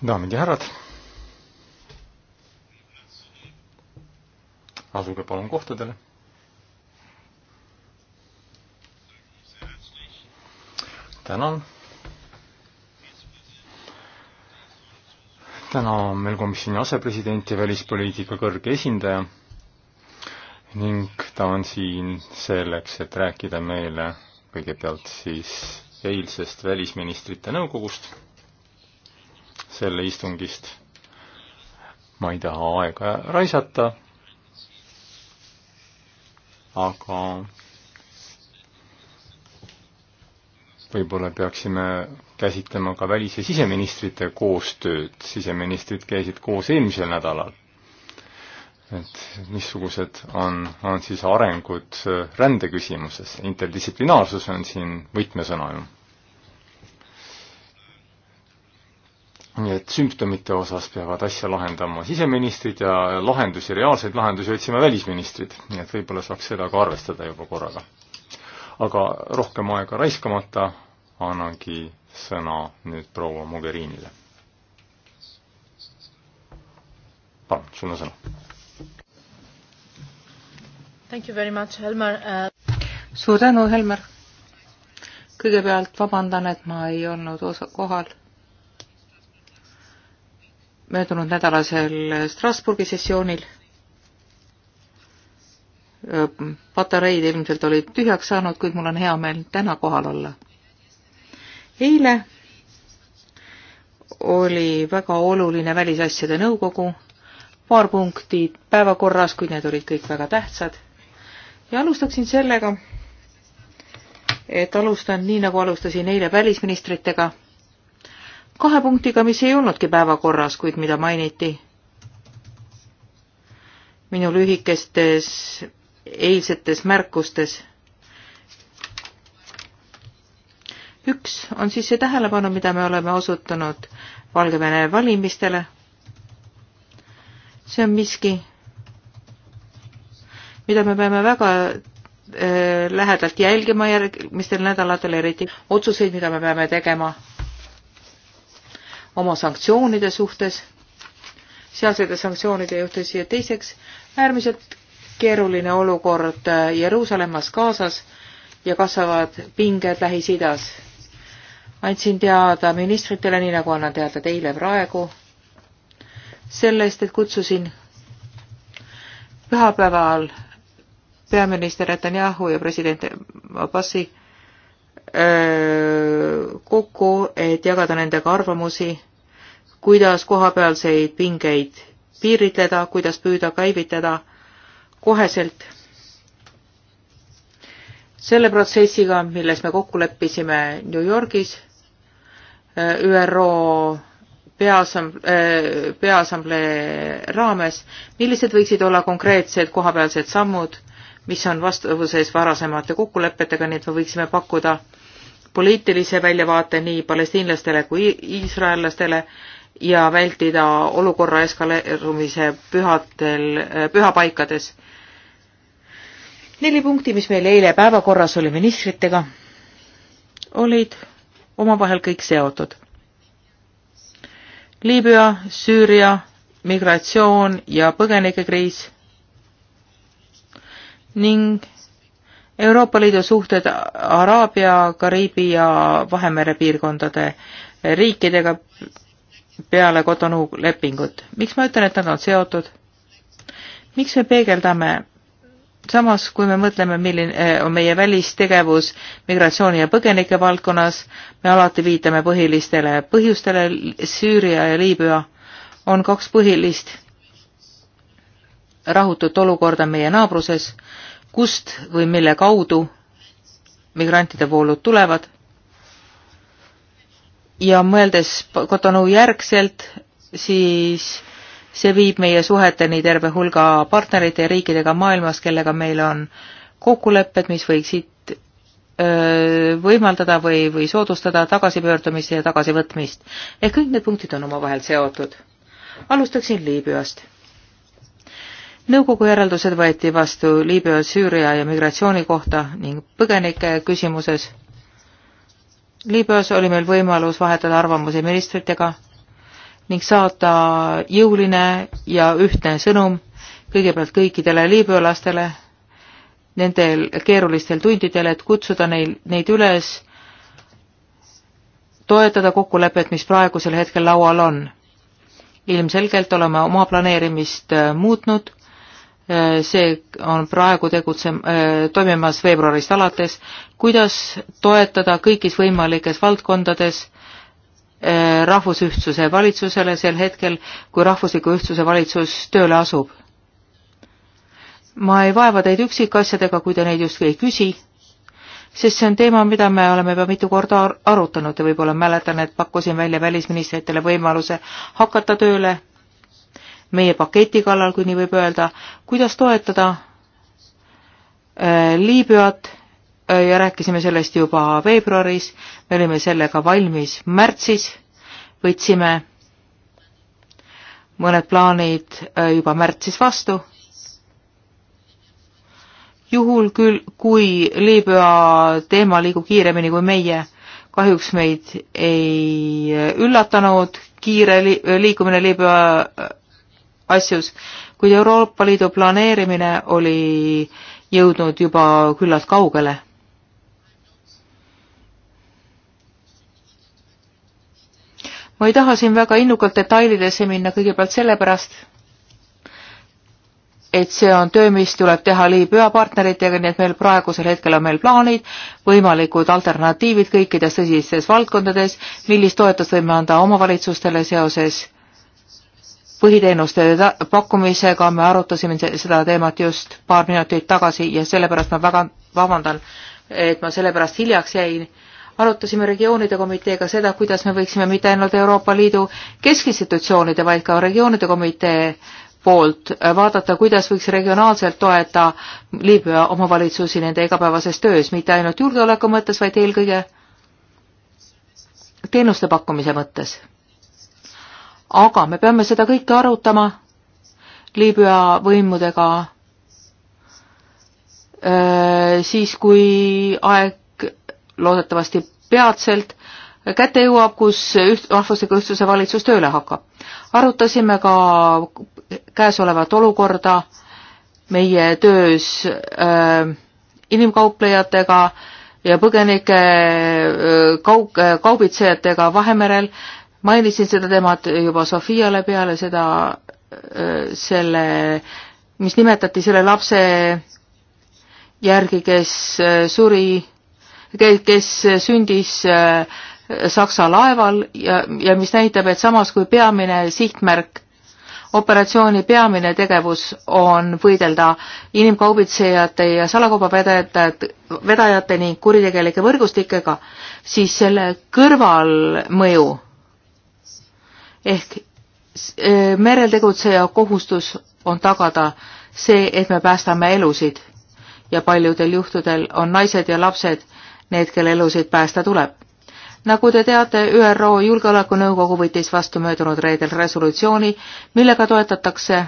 daamid ja härrad. asuge palun kohtadele. tänan. täna on meil komisjoni asepresident ja välispoliitika kõrge esindaja ning ta on siin selleks, et rääkida meile kõigepealt siis ja eilsest välisministrite nõukogust, selle istungist. ma ei taha aega raisata, aga võib-olla peaksime käsitlema ka välis- ja siseministrite koostööd, siseministrid käisid koos eelmisel nädalal et missugused on, on siis arengud äh, rändeküsimuses, interdistsiplinaarsus on siin võtmesõna ju. nii et sümptomite osas peavad asja lahendama siseministrid ja lahendusi, reaalseid lahendusi otsima välisministrid, nii et võib-olla saaks seda ka arvestada juba korraga. aga rohkem aega raiskamata annangi sõna nüüd proua Mogherinile. palun, sul on sõna Thank you very much, Helmer uh.... suur tänu, Helmer. kõigepealt vabandan, et ma ei olnud osa, kohal möödunud nädalasel Strasburgi sessioonil. patareid ilmselt olid tühjaks saanud, kuid mul on hea meel täna kohal olla. eile oli väga oluline Välisasjade Nõukogu, paar punkti päevakorras, kuid need olid kõik väga tähtsad ja alustaksin sellega, et alustan nii, nagu alustasin eile välisministritega, kahe punktiga, mis ei olnudki päevakorras, kuid mida mainiti minu lühikestes eilsetes märkustes. üks on siis see tähelepanu, mida me oleme osutanud Valgevene valimistele. see on miski, mida me peame väga eh, lähedalt jälgima järgmistel nädalatel, eriti otsuseid, mida me peame tegema oma sanktsioonide suhtes, sealsete sanktsioonide juhtes ja teiseks äärmiselt keeruline olukord eh, Jeruusalemmas, Gazas ja kasvavad pinged Lähis-Idas. andsin teada ministritele, nii nagu annan teada teile praegu, selle eest, et kutsusin pühapäeval peaminister Netanyahu ja president Abbasi kokku, et jagada nendega arvamusi, kuidas kohapealseid pingeid piiritleda, kuidas püüda käivitada koheselt selle protsessiga, milles me kokku leppisime New Yorgis ÜRO peaassamblee raames, millised võiksid olla konkreetsed kohapealsed sammud mis on vastavuses varasemate kokkulepetega, nii et me võiksime pakkuda poliitilise väljavaate nii palestiinlastele kui iisraellastele ja vältida olukorra eskaleerumise pühadel, pühapaikades. neli punkti, mis meil eile päevakorras oli ministritega, olid omavahel kõik seotud. Liibüa, Süüria, migratsioon ja põgenikekriis ning Euroopa Liidu suhted Araabia, Kariibi ja Vahemere piirkondade riikidega peale Cotonou lepingut. miks ma ütlen, et nad on seotud? miks me peegeldame samas, kui me mõtleme, milline eh, on meie välistegevus migratsiooni ja põgenike valdkonnas, me alati viitame põhilistele põhjustele, Süüria ja Liibüa on kaks põhilist rahutut olukorda meie naabruses kust või mille kaudu migrantide voolud tulevad ja mõeldes Cotonou järgselt, siis see viib meie suheteni terve hulga partnerite ja riikidega maailmas, kellega meil on kokkulepped, mis võiksid öö, võimaldada või, või soodustada tagasipöördumist ja tagasivõtmist. ehk kõik need punktid on omavahel seotud. alustaksin Liibüast nõukogu järeldused võeti vastu Liibüa, Süüria ja migratsiooni kohta ning põgenike küsimuses. Liibüas oli meil võimalus vahetada arvamusi ministritega ning saata jõuline ja ühtne sõnum kõigepealt kõikidele liibüalastele nendel keerulistel tundidel, et kutsuda neil, neid üles toetada kokkulepet, mis praegusel hetkel laual on. ilmselgelt oleme oma planeerimist äh, muutnud Äh, see on praegu tegutse-, äh, toimimas veebruarist alates, kuidas toetada kõigis võimalikes valdkondades äh, rahvusühtsuse valitsusele sel hetkel, kui rahvusliku ühtsuse valitsus tööle asub. ma ei vaeva teid üksikasjadega, kui te neid justkui ei küsi, sest see on teema, mida me oleme juba mitu korda arutanud ja võib-olla mäletan, et pakkusin välja välisministritele võimaluse hakata tööle meie paketi kallal, kui nii võib öelda, kuidas toetada äh, Liibüat äh, ja rääkisime sellest juba veebruaris, me olime sellega valmis märtsis, võtsime mõned plaanid äh, juba märtsis vastu juhul küll, kui Liibüa teema liigub kiiremini kui meie, kahjuks meid ei üllatanud kiire li liikumine Liibüa asjus, kuid Euroopa Liidu planeerimine oli jõudnud juba küllalt kaugele ma ei taha siin väga innukalt detailidesse minna kõigepealt sellepärast, et see on töö, mis tuleb teha Liibüa partneritega, nii et meil praegusel hetkel on meil plaanid, võimalikud alternatiivid kõikides tõsistes valdkondades, millist toetust võime anda omavalitsustele seoses põhiteenuste pakkumisega, me arutasime seda teemat just paar minutit tagasi ja sellepärast ma väga vabandan, et ma sellepärast hiljaks jäin arutasime regioonide komiteega seda, kuidas me võiksime mitte ainult Euroopa Liidu keskinstitutsioonide, vaid ka regioonide komitee poolt vaadata, kuidas võiks regionaalselt toeta Liibüa omavalitsusi nende igapäevases töös, mitte ainult julgeoleku mõttes, vaid eelkõige teenuste pakkumise mõttes aga me peame seda kõike arutama Liibüa võimudega siis, kui aeg loodetavasti peatselt kätte jõuab, kus üht-, rahvusliku ühtsuse valitsus tööle hakkab. arutasime ka käesolevat olukorda meie töös äh, inimkauplejatega ja põgenike kaug-, kaubitsejatega Vahemerel mainisin seda teemat juba Sofiale peale seda, äh, selle, mis nimetati selle lapse järgi, kes äh, suri, kes sündis äh, Saksa laeval ja, ja mis näitab, et samas kui peamine sihtmärk, operatsiooni peamine tegevus on võidelda inimkaubitsejate ja salakaubavedajate, vedajate ning kuritegelike võrgustikega, siis selle kõrvalmõju ehk eh, merel tegutseja kohustus on tagada see, et me päästame elusid ja paljudel juhtudel on naised ja lapsed need, kelle elusid päästa tuleb. nagu te teate, ÜRO Julgeolekunõukogu võttis vastu möödunud reedel resolutsiooni, millega toetatakse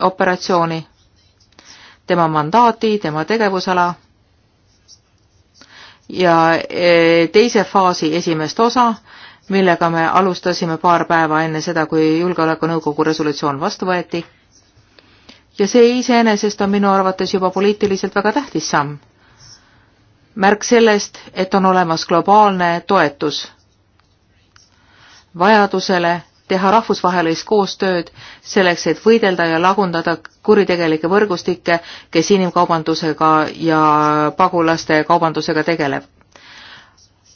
operatsiooni, tema mandaati, tema tegevusala ja eh, teise faasi esimest osa millega me alustasime paar päeva enne seda, kui Julgeolekunõukogu resolutsioon vastu võeti. ja see iseenesest on minu arvates juba poliitiliselt väga tähtis samm. märk sellest, et on olemas globaalne toetus vajadusele teha rahvusvahelist koostööd selleks, et võidelda ja lagundada kuritegelikke võrgustikke, kes inimkaubandusega ja pagulaste kaubandusega tegeleb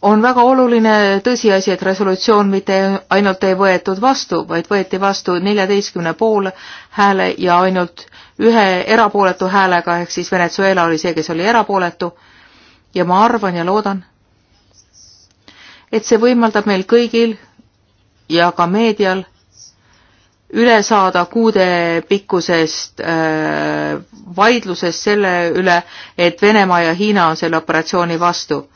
on väga oluline tõsiasi, et resolutsioon mitte ainult ei võetud vastu, vaid võeti vastu neljateistkümne poole hääle ja ainult ühe erapooletu häälega, ehk siis Venezuela oli see, kes oli erapooletu. ja ma arvan ja loodan, et see võimaldab meil kõigil ja ka meedial üle saada kuudepikkusest äh, vaidlusest selle üle, et Venemaa ja Hiina on selle operatsiooni vastu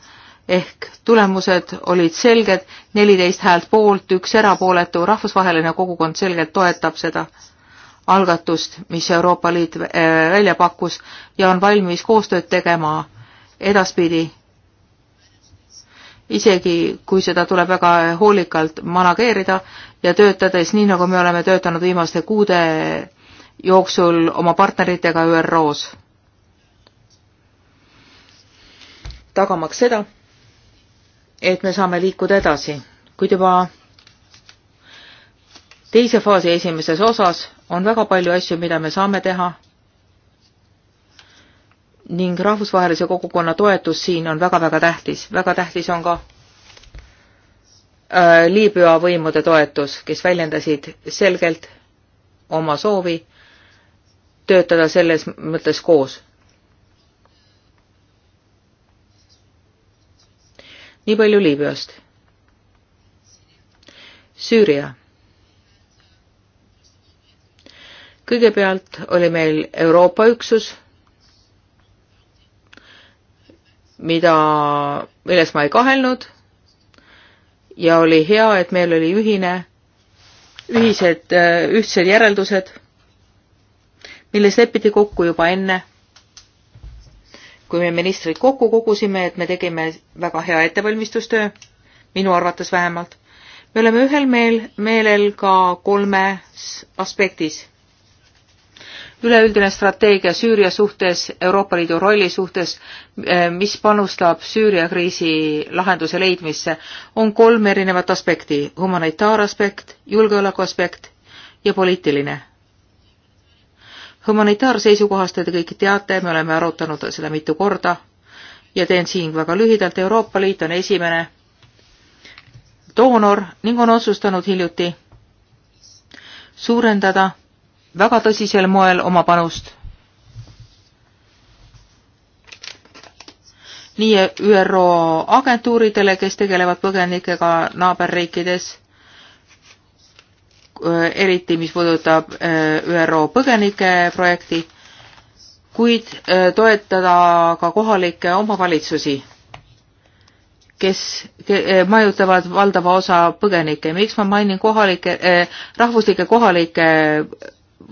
ehk tulemused olid selged, neliteist häält poolt, üks erapooletu, rahvusvaheline kogukond selgelt toetab seda algatust, mis Euroopa Liit äh, välja pakkus ja on valmis koostööd tegema edaspidi, isegi kui seda tuleb väga hoolikalt manageerida ja töötades nii, nagu me oleme töötanud viimaste kuude jooksul oma partneritega ÜRO-s tagamaks seda, et me saame liikuda edasi, kuid juba teise faasi esimeses osas on väga palju asju, mida me saame teha ning rahvusvahelise kogukonna toetus siin on väga-väga tähtis. väga tähtis on ka äh, Liibüa võimude toetus, kes väljendasid selgelt oma soovi töötada selles mõttes koos nii palju Liibüast. Süüria. kõigepealt oli meil Euroopa üksus, mida, milles ma ei kahelnud ja oli hea, et meil oli ühine, ühised, ühtsed järeldused, milles lepiti kokku juba enne kui me ministrid kokku kogusime, et me tegime väga hea ettevalmistustöö, minu arvates vähemalt. me oleme ühel meel, meelel ka kolmes aspektis. üleüldine strateegia Süüria suhtes, Euroopa Liidu rolli suhtes, eh, mis panustab Süüria kriisi lahenduse leidmisse, on kolm erinevat aspekti, humanitaaraspekt, julgeoleku aspekt ja poliitiline humanitaarseisukohast te kõik teate, me oleme arutanud seda mitu korda ja teen siin väga lühidalt, Euroopa Liit on esimene doonor ning on otsustanud hiljuti suurendada väga tõsisel moel oma panust. nii ÜRO agentuuridele, kes tegelevad põgenikega naaberriikides Äh, eriti mis puudutab äh, ÜRO põgenike projekti, kuid äh, toetada ka kohalikke omavalitsusi, kes majutavad valdava osa põgenikke. miks ma mainin kohalike, rahvuslikke kohalikke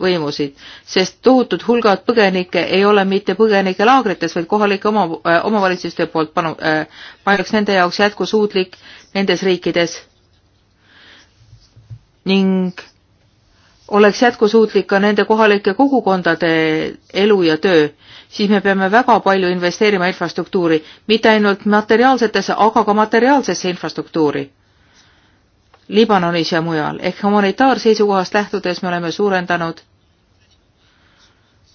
võimusid, sest tohutud hulgad põgenikke ei ole mitte põgenikelaagrites, vaid kohalike oma, omavalitsuste poolt panu äh,, paljaks nende jaoks jätkusuutlik nendes riikides ning oleks jätkusuutlik ka nende kohalike kogukondade elu ja töö, siis me peame väga palju investeerima infrastruktuuri, mitte ainult materiaalsetesse, aga ka materiaalsesse infrastruktuuri. Liibanonis ja mujal ehk humanitaarseisukohast lähtudes me oleme suurendanud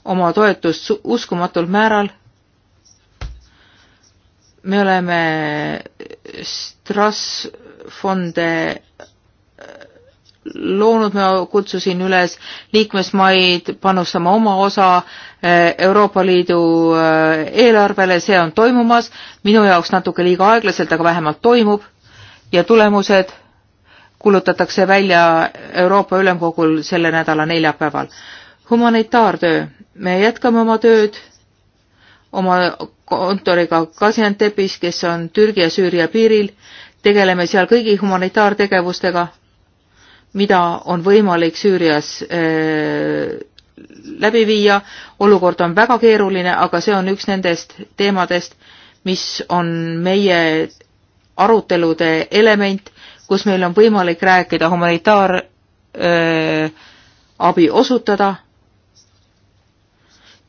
oma toetust uskumatul määral. me oleme Strassfonde loonud, ma kutsusin üles liikmesmaid panustama oma osa eh, Euroopa Liidu eh, eelarvele, see on toimumas, minu jaoks natuke liiga aeglaselt, aga vähemalt toimub ja tulemused kuulutatakse välja Euroopa Ülemkogul selle nädala neljapäeval. humanitaartöö, me jätkame oma tööd oma kontoriga Gaziantepis, kes on Türgi ja Süüria piiril, tegeleme seal kõigi humanitaartegevustega mida on võimalik Süürias äh, läbi viia. olukord on väga keeruline, aga see on üks nendest teemadest, mis on meie arutelude element, kus meil on võimalik rääkida humanitaarabi äh, osutada.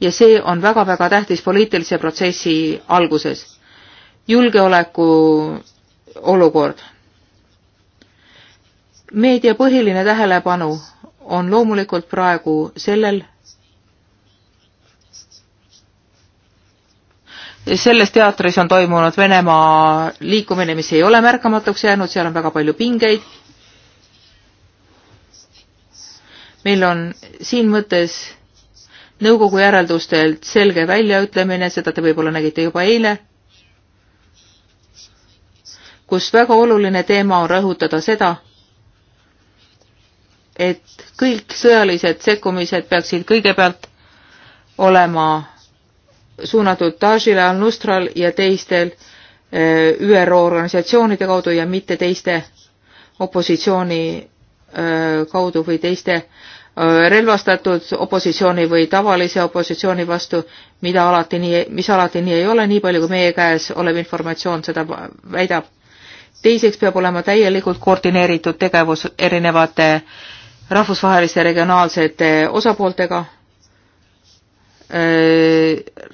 ja see on väga-väga tähtis poliitilise protsessi alguses. julgeoleku olukord meedia põhiline tähelepanu on loomulikult praegu sellel, selles teatris on toimunud Venemaa liikumine, mis ei ole märkamatuks jäänud, seal on väga palju pingeid. meil on siin mõttes nõukogu järeldustelt selge väljaütlemine, seda te võib-olla nägite juba eile, kus väga oluline teema on rõhutada seda, et kõik sõjalised sekkumised peaksid kõigepealt olema suunatud Tajile al-Nustral ja teistel eh, ÜRO organisatsioonide kaudu ja mitte teiste opositsiooni eh, kaudu või teiste eh, relvastatud opositsiooni või tavalise opositsiooni vastu, mida alati nii, mis alati nii ei ole, nii palju kui meie käes olev informatsioon seda väidab. teiseks peab olema täielikult koordineeritud tegevus erinevate äh, rahvusvaheliste regionaalsete osapooltega, äh,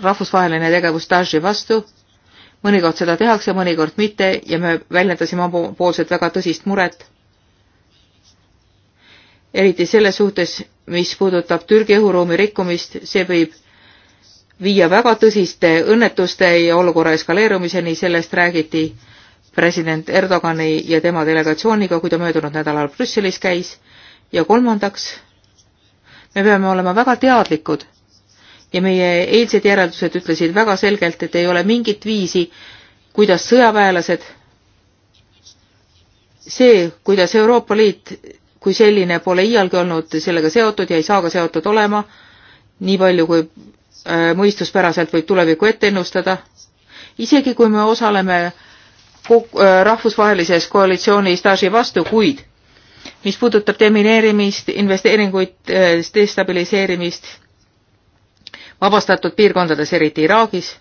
rahvusvaheline tegevus Daeshi vastu, mõnikord seda tehakse, mõnikord mitte ja me väljendasime omapoolset väga tõsist muret, eriti selles suhtes, mis puudutab Türgi õhuruumi rikkumist, see võib viia väga tõsiste õnnetuste ja olukorra eskaleerumiseni, sellest räägiti president Erdogani ja tema delegatsiooniga, kui ta möödunud nädalal Brüsselis käis ja kolmandaks, me peame olema väga teadlikud ja meie eilsed järeldused ütlesid väga selgelt, et ei ole mingit viisi, kuidas sõjaväelased, see, kuidas Euroopa Liit kui selline pole iialgi olnud sellega seotud ja ei saa ka seotud olema, nii palju kui äh, mõistuspäraselt võib tulevikku ette ennustada, isegi kui me osaleme äh, rahvusvahelises koalitsioonis Daeshi vastu, kuid mis puudutab demineerimist, investeeringuid, eh, destabiliseerimist vabastatud piirkondades, eriti Iraagis.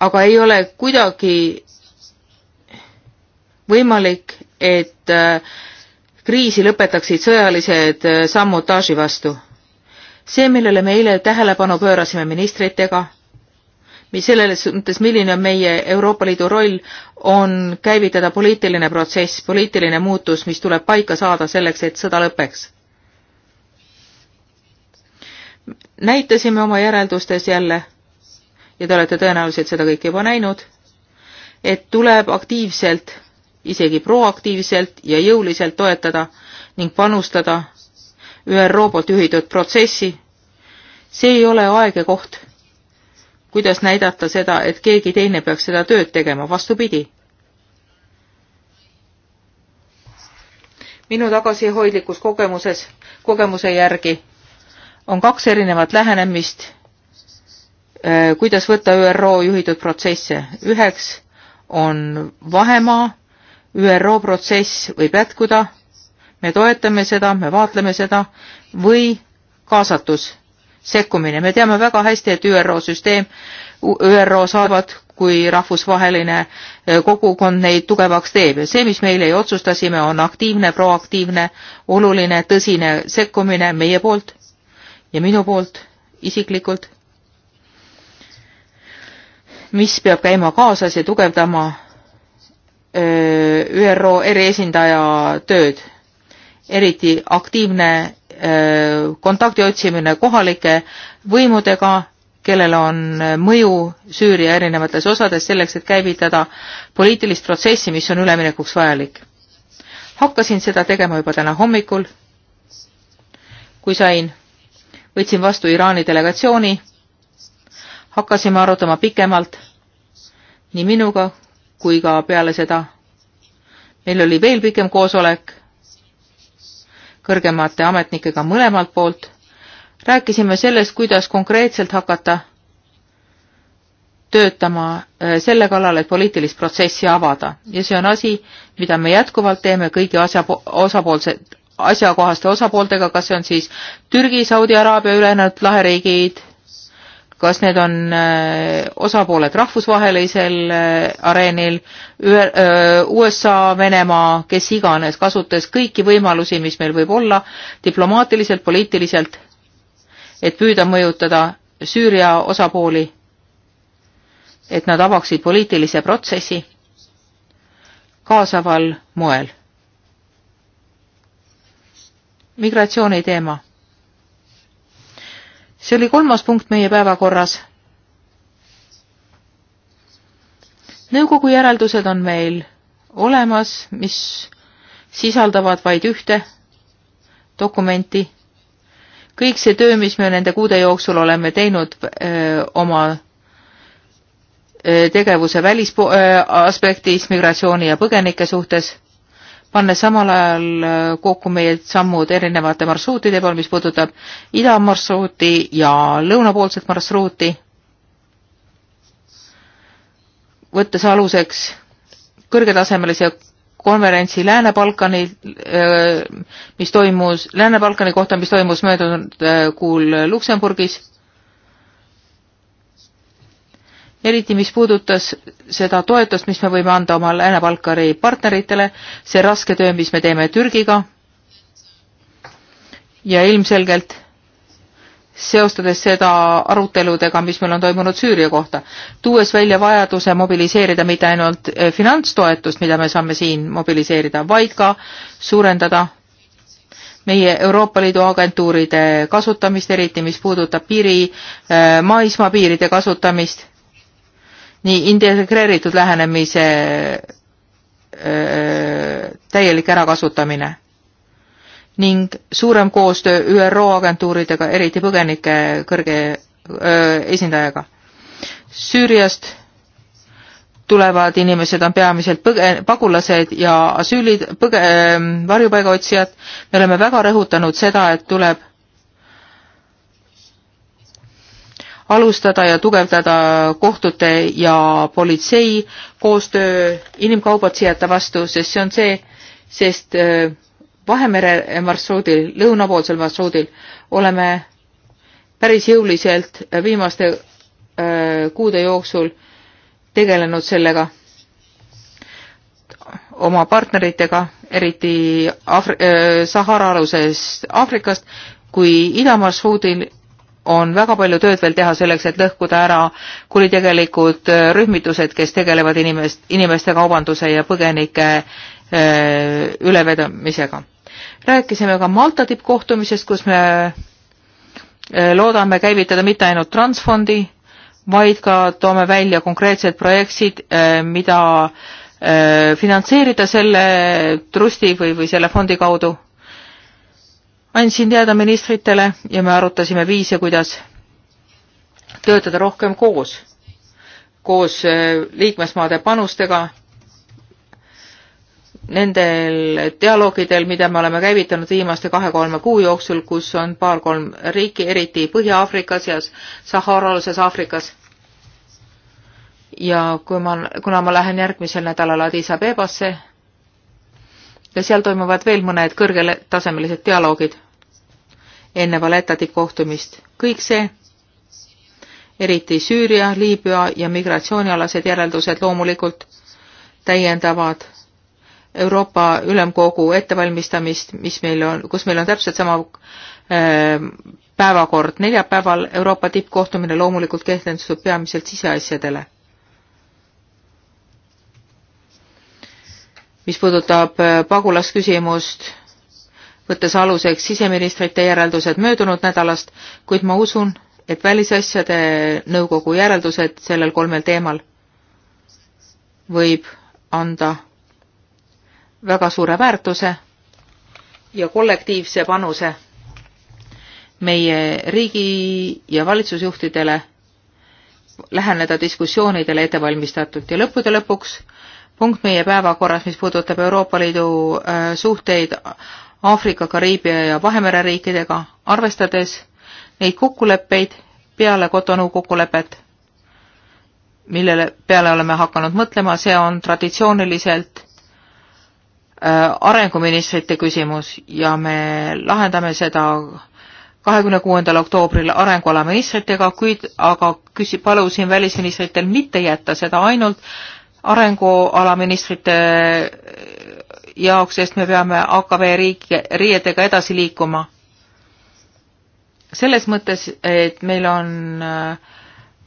aga ei ole kuidagi võimalik, et eh, kriisi lõpetaksid sõjalised eh, sammud Daeshi vastu. see, millele me eile tähelepanu pöörasime ministritega mis selles mõttes, milline on meie Euroopa Liidu roll, on käivitada poliitiline protsess, poliitiline muutus, mis tuleb paika saada selleks, et sõda lõpeks. näitasime oma järeldustes jälle ja te olete tõenäoliselt seda kõike juba näinud, et tuleb aktiivselt, isegi proaktiivselt ja jõuliselt toetada ning panustada ÜRO poolt juhitud protsessi. see ei ole aeg ja koht kuidas näidata seda, et keegi teine peaks seda tööd tegema, vastupidi. minu tagasihoidlikus kogemuses, kogemuse järgi on kaks erinevat lähenemist, äh, kuidas võtta ÜRO juhitud protsesse. üheks on vahemaa, ÜRO protsess võib jätkuda, me toetame seda, me vaatleme seda, või kaasatus sekkumine. me teame väga hästi, et ÜRO süsteem, ÜRO saavad, kui rahvusvaheline eh, kogukond neid tugevaks teeb ja see, mis me eile otsustasime, on aktiivne, proaktiivne, oluline, tõsine sekkumine meie poolt ja minu poolt isiklikult, mis peab käima kaasas ja tugevdama eh, ÜRO eriesindaja tööd, eriti aktiivne Äh, kontakti otsimine kohalike võimudega, kellel on äh, mõju Süüria erinevates osades selleks, et käivitada poliitilist protsessi, mis on üleminekuks vajalik. hakkasin seda tegema juba täna hommikul, kui sain, võtsin vastu Iraani delegatsiooni, hakkasime arutama pikemalt nii minuga kui ka peale seda. meil oli veel pikem koosolek kõrgemate ametnikega mõlemalt poolt. rääkisime sellest, kuidas konkreetselt hakata töötama äh, selle kallal, et poliitilist protsessi avada ja see on asi, mida me jätkuvalt teeme kõigi asja, osapoolse, asjakohaste osapooltega, kas see on siis Türgi, Saudi Araabia, ülejäänud laheriigid, kas need on äh, osapooled rahvusvahelisel äh, areenil, äh, USA, Venemaa, kes iganes, kasutades kõiki võimalusi, mis meil võib olla diplomaatiliselt, poliitiliselt, et püüda mõjutada Süüria osapooli, et nad avaksid poliitilise protsessi kaasaval moel. migratsiooni teema see oli kolmas punkt meie päevakorras. nõukogu järeldused on meil olemas, mis sisaldavad vaid ühte dokumenti. kõik see töö, mis me nende kuude jooksul oleme teinud öö, oma öö, tegevuse välisaspektis, migratsiooni ja põgenike suhtes pannes samal ajal äh, kokku meie sammud erinevate marsruutide peal, mis puudutab idamarsruuti ja lõunapoolset marsruuti, võttes aluseks kõrgetasemelise konverentsi Lääne-Balkani, äh, mis toimus, Lääne-Balkani kohta, mis toimus möödunud äh, kuul Luksemburgis eriti mis puudutas seda toetust, mis me võime anda oma Lääne-Balkari partneritele, see raske töö, mis me teeme Türgiga ja ilmselgelt seostades seda aruteludega, mis meil on toimunud Süüria kohta, tuues välja vajaduse mobiliseerida mitte ainult eh, finantstoetust, mida me saame siin mobiliseerida, vaid ka suurendada meie Euroopa Liidu agentuuride kasutamist, eriti mis puudutab piiri, eh, maismaapiiride kasutamist nii integreeritud lähenemise öö, täielik ärakasutamine ning suurem koostöö ÜRO agentuuridega, eriti põgenike kõrge öö, esindajaga. Süüriast tulevad inimesed on peamiselt põge-, pagulased ja asüülid, põge-, varjupaigaotsijad. me oleme väga rõhutanud seda, et tuleb alustada ja tugevdada kohtute ja politsei koostöö inimkaubatsijate vastu, sest see on see, sest äh, Vahemere marsruudil, lõunapoolsel marsruudil oleme päris jõuliselt viimaste äh, kuude jooksul tegelenud sellega oma partneritega, eriti Afri-, äh, Sahara alusest Aafrikast, kui idamarsruudil on väga palju tööd veel teha selleks, et lõhkuda ära kuritegelikud äh, rühmitused, kes tegelevad inimest, inimeste kaubanduse ja põgenike äh, ülevedamisega. rääkisime ka Malta tippkohtumisest, kus me äh, loodame käivitada mitte ainult transfondi, vaid ka toome välja konkreetsed projektid, mida finantseerida selle trusti või, või selle fondi kaudu andsin teada ministritele ja me arutasime viise, kuidas töötada rohkem koos, koos äh, liikmesmaade panustega, nendel dialoogidel, mida me oleme käivitanud viimaste kahe-kolme kuu jooksul, kus on paar-kolm riiki, eriti Põhja-Aafrikas ja Saharaalases Aafrikas. ja kui ma, kuna ma lähen järgmisel nädalal Addis Abebasse ja seal toimuvad veel mõned kõrgetasemelised dialoogid enne Valeta tippkohtumist. kõik see, eriti Süüria, Liibüa ja migratsioonialased järeldused loomulikult täiendavad Euroopa Ülemkogu ettevalmistamist, mis meil on, kus meil on täpselt sama ähm, päevakord neljapäeval, Euroopa tippkohtumine loomulikult keskendub peamiselt siseasjadele mis puudutab äh, pagulasküsimust, võttes aluseks siseministrite järeldused möödunud nädalast, kuid ma usun, et välisasjade nõukogu järeldused sellel kolmel teemal võib anda väga suure väärtuse ja kollektiivse panuse meie riigi ja valitsusjuhtidele läheneda diskussioonidele ettevalmistatult ja lõppude lõpuks punkt meie päevakorras, mis puudutab Euroopa Liidu äh, suhteid Aafrika, Kariibia ja Vahemere riikidega, arvestades neid kokkuleppeid peale Cotonou kokkulepet, millele peale oleme hakanud mõtlema, see on traditsiooniliselt äh, arenguministrite küsimus ja me lahendame seda kahekümne kuuendal oktoobril arenguala ministritega, kuid aga küsi-, palusin välisministritel mitte jätta seda ainult arengualaministrite eh, jaoks, sest me peame AKV riike, riietega edasi liikuma. selles mõttes, et meil on eh,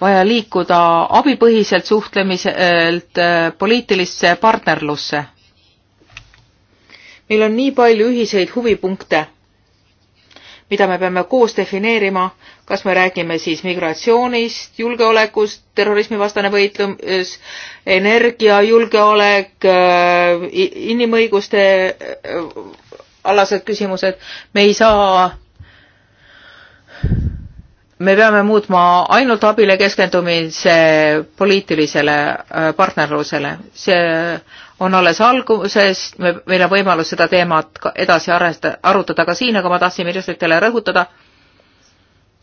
vaja liikuda abipõhiselt suhtlemiselt eh, poliitilisse partnerlusse. meil on nii palju ühiseid huvipunkte mida me peame koos defineerima, kas me räägime siis migratsioonist, julgeolekust, terrorismivastane võitlus, energiajulgeolek, äh, inimõiguste äh, alased küsimused, me ei saa me peame muutma ainult abile keskendumise poliitilisele äh, partnerlusele. see on alles alguses, me, meil on võimalus seda teemat ka edasi aresta, arutada ka siin, aga ma tahtsin ministritele rõhutada,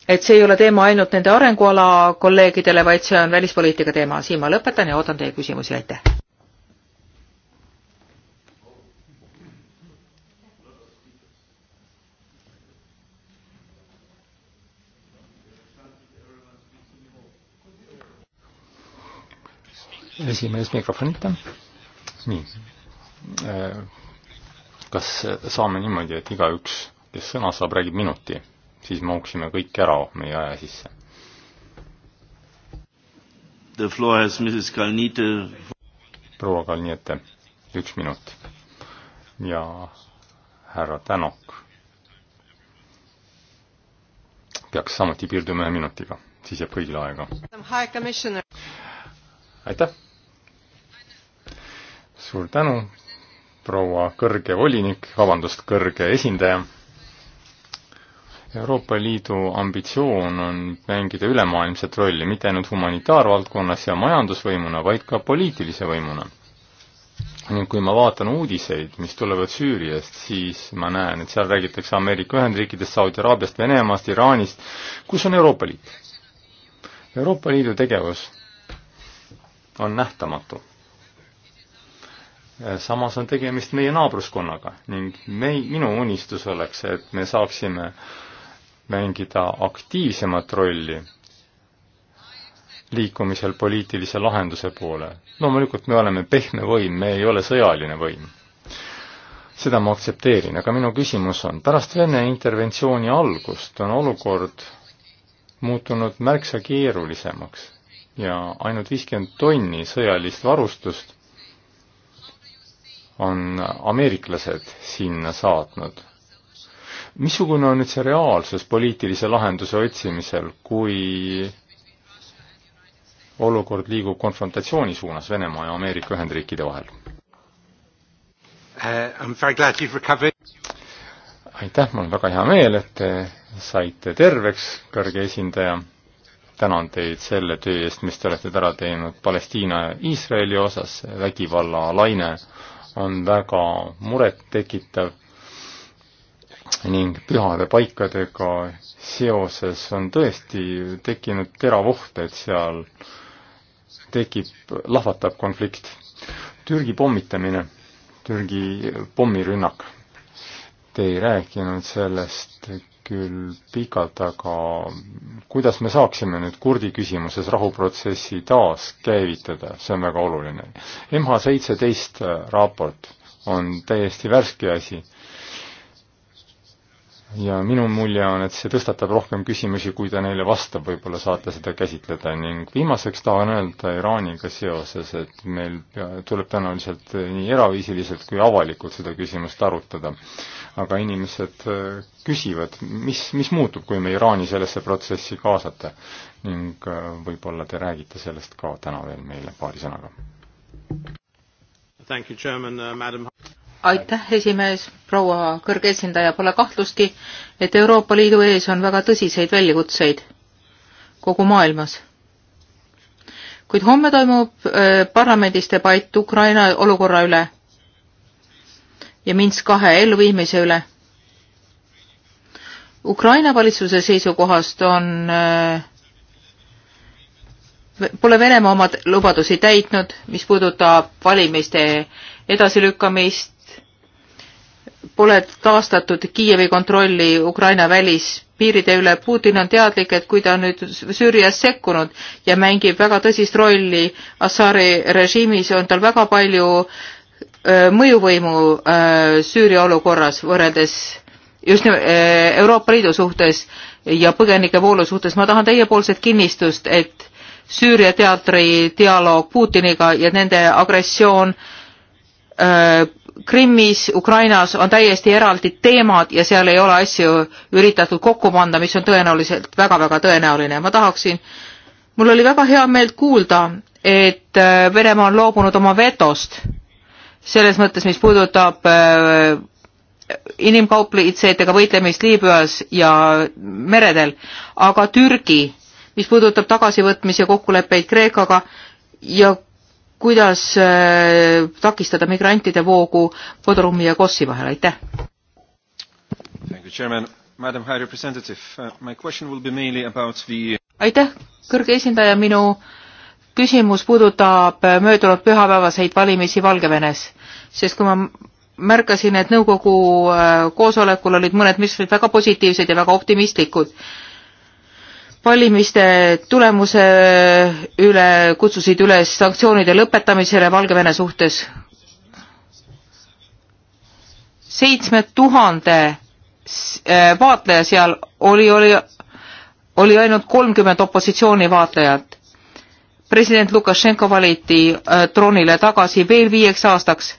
et see ei ole teema ainult nende arenguala kolleegidele, vaid see on välispoliitika teema. siin ma lõpetan ja ootan teie küsimusi, aitäh! esimees mikrofonita nii. Äh, kas saame niimoodi, et igaüks, kes sõna saab, räägib minuti, siis mahuksime kõik ära meie aja sisse? The floor has Mrs Kalniete. proua Kalniete, üks minut. ja härra Tänok peaks samuti piirduma ühe minutiga, siis jääb kõigil aega. aitäh suur tänu, proua kõrge volinik, vabandust, kõrge esindaja. Euroopa Liidu ambitsioon on mängida ülemaailmset rolli mitte ainult humanitaarvaldkonnas ja majandusvõimuna, vaid ka poliitilise võimuna. ning kui ma vaatan uudiseid, mis tulevad Süüriast, siis ma näen, et seal räägitakse Ameerika Ühendriikidest, Saudi Araabiast, Venemaast, Iraanist, kus on Euroopa Liit? Euroopa Liidu tegevus on nähtamatu Äh, samas on tegemist meie naabruskonnaga ning mei-, minu unistus oleks, et me saaksime mängida aktiivsemat rolli liikumisel poliitilise lahenduse poole. loomulikult me oleme pehme võim, me ei ole sõjaline võim. seda ma aktsepteerin, aga minu küsimus on, pärast Vene interventsiooni algust on olukord muutunud märksa keerulisemaks ja ainult viiskümmend tonni sõjalist varustust on ameeriklased sinna saatnud. missugune on nüüd see reaalsus poliitilise lahenduse otsimisel, kui olukord liigub konfrontatsiooni suunas Venemaa ja Ameerika Ühendriikide vahel uh,? aitäh, mul on väga hea meel, et te saite terveks, kõrge esindaja. tänan teid selle töö eest, mis te olete ära teinud Palestiina ja Iisraeli osas, vägivallalaine on väga murettekitav ning pühade paikadega seoses on tõesti tekkinud terav oht, et seal tekib, lahvatab konflikt. Türgi pommitamine, Türgi pommirünnak. Te ei rääkinud sellest küll pikalt, aga kuidas me saaksime nüüd kurdi küsimuses rahuprotsessi taaskäivitada, see on väga oluline. MH seitseteist äh, raport on täiesti värske asi ja minu mulje on, et see tõstatab rohkem küsimusi, kui ta neile vastab, võib-olla saate seda käsitleda ning viimaseks tahan öelda Iraaniga seoses, et meil tuleb tõenäoliselt nii eraviisiliselt kui avalikult seda küsimust arutada. aga inimesed äh, küsivad, mis, mis muutub, kui me Iraani sellesse protsessi kaasata ning äh, võib-olla te räägite sellest ka täna veel meile paari sõnaga. Thank you, Chairman, uh, Madam aitäh, esimees, proua kõrge esindaja, pole kahtlustki, et Euroopa Liidu ees on väga tõsiseid väljakutseid kogu maailmas. kuid homme toimub äh, parlamendis debatt Ukraina olukorra üle ja Minsk kahe elluviimise üle. Ukraina valitsuse seisukohast on äh, Pole Venemaa oma lubadusi täitnud, mis puudutab valimiste edasilükkamist, pole taastatud Kiievi kontrolli Ukraina välispiiride üle. Putin on teadlik, et kui ta on nüüd Süürias sekkunud ja mängib väga tõsist rolli Assari režiimis, on tal väga palju öö, mõjuvõimu öö, Süüria olukorras võrreldes just nüüd, Euroopa Liidu suhtes ja põgenikevoolu suhtes. ma tahan teiepoolset kinnistust, et Süüria teatri dialoog Putiniga ja nende agressioon öö, Krimmis, Ukrainas on täiesti eraldi teemad ja seal ei ole asju üritatud kokku panna, mis on tõenäoliselt väga-väga tõenäoline. ma tahaksin, mul oli väga hea meel kuulda, et äh, Venemaa on loobunud oma vetost selles mõttes, mis puudutab äh, inimkaupleitseetega võitlemist Liibüas ja meredel, aga Türgi, mis puudutab tagasivõtmise kokkuleppeid Kreekaga ja kuidas äh, takistada migrantide voogu Bodrumi ja Kossi vahel, aitäh! Uh, aitäh, kõrge esindaja, minu küsimus puudutab äh, möödunud pühapäevaseid valimisi Valgevenes, sest kui ma märkasin, et nõukogu äh, koosolekul olid mõned ministrid väga positiivsed ja väga optimistlikud valimiste tulemuse üle kutsusid üles sanktsioonide lõpetamisele Valgevene suhtes. seitsme tuhande äh, vaatleja seal oli, oli, oli ainult kolmkümmend opositsiooni vaatlejat. president Lukašenko valiti äh, troonile tagasi veel viieks aastaks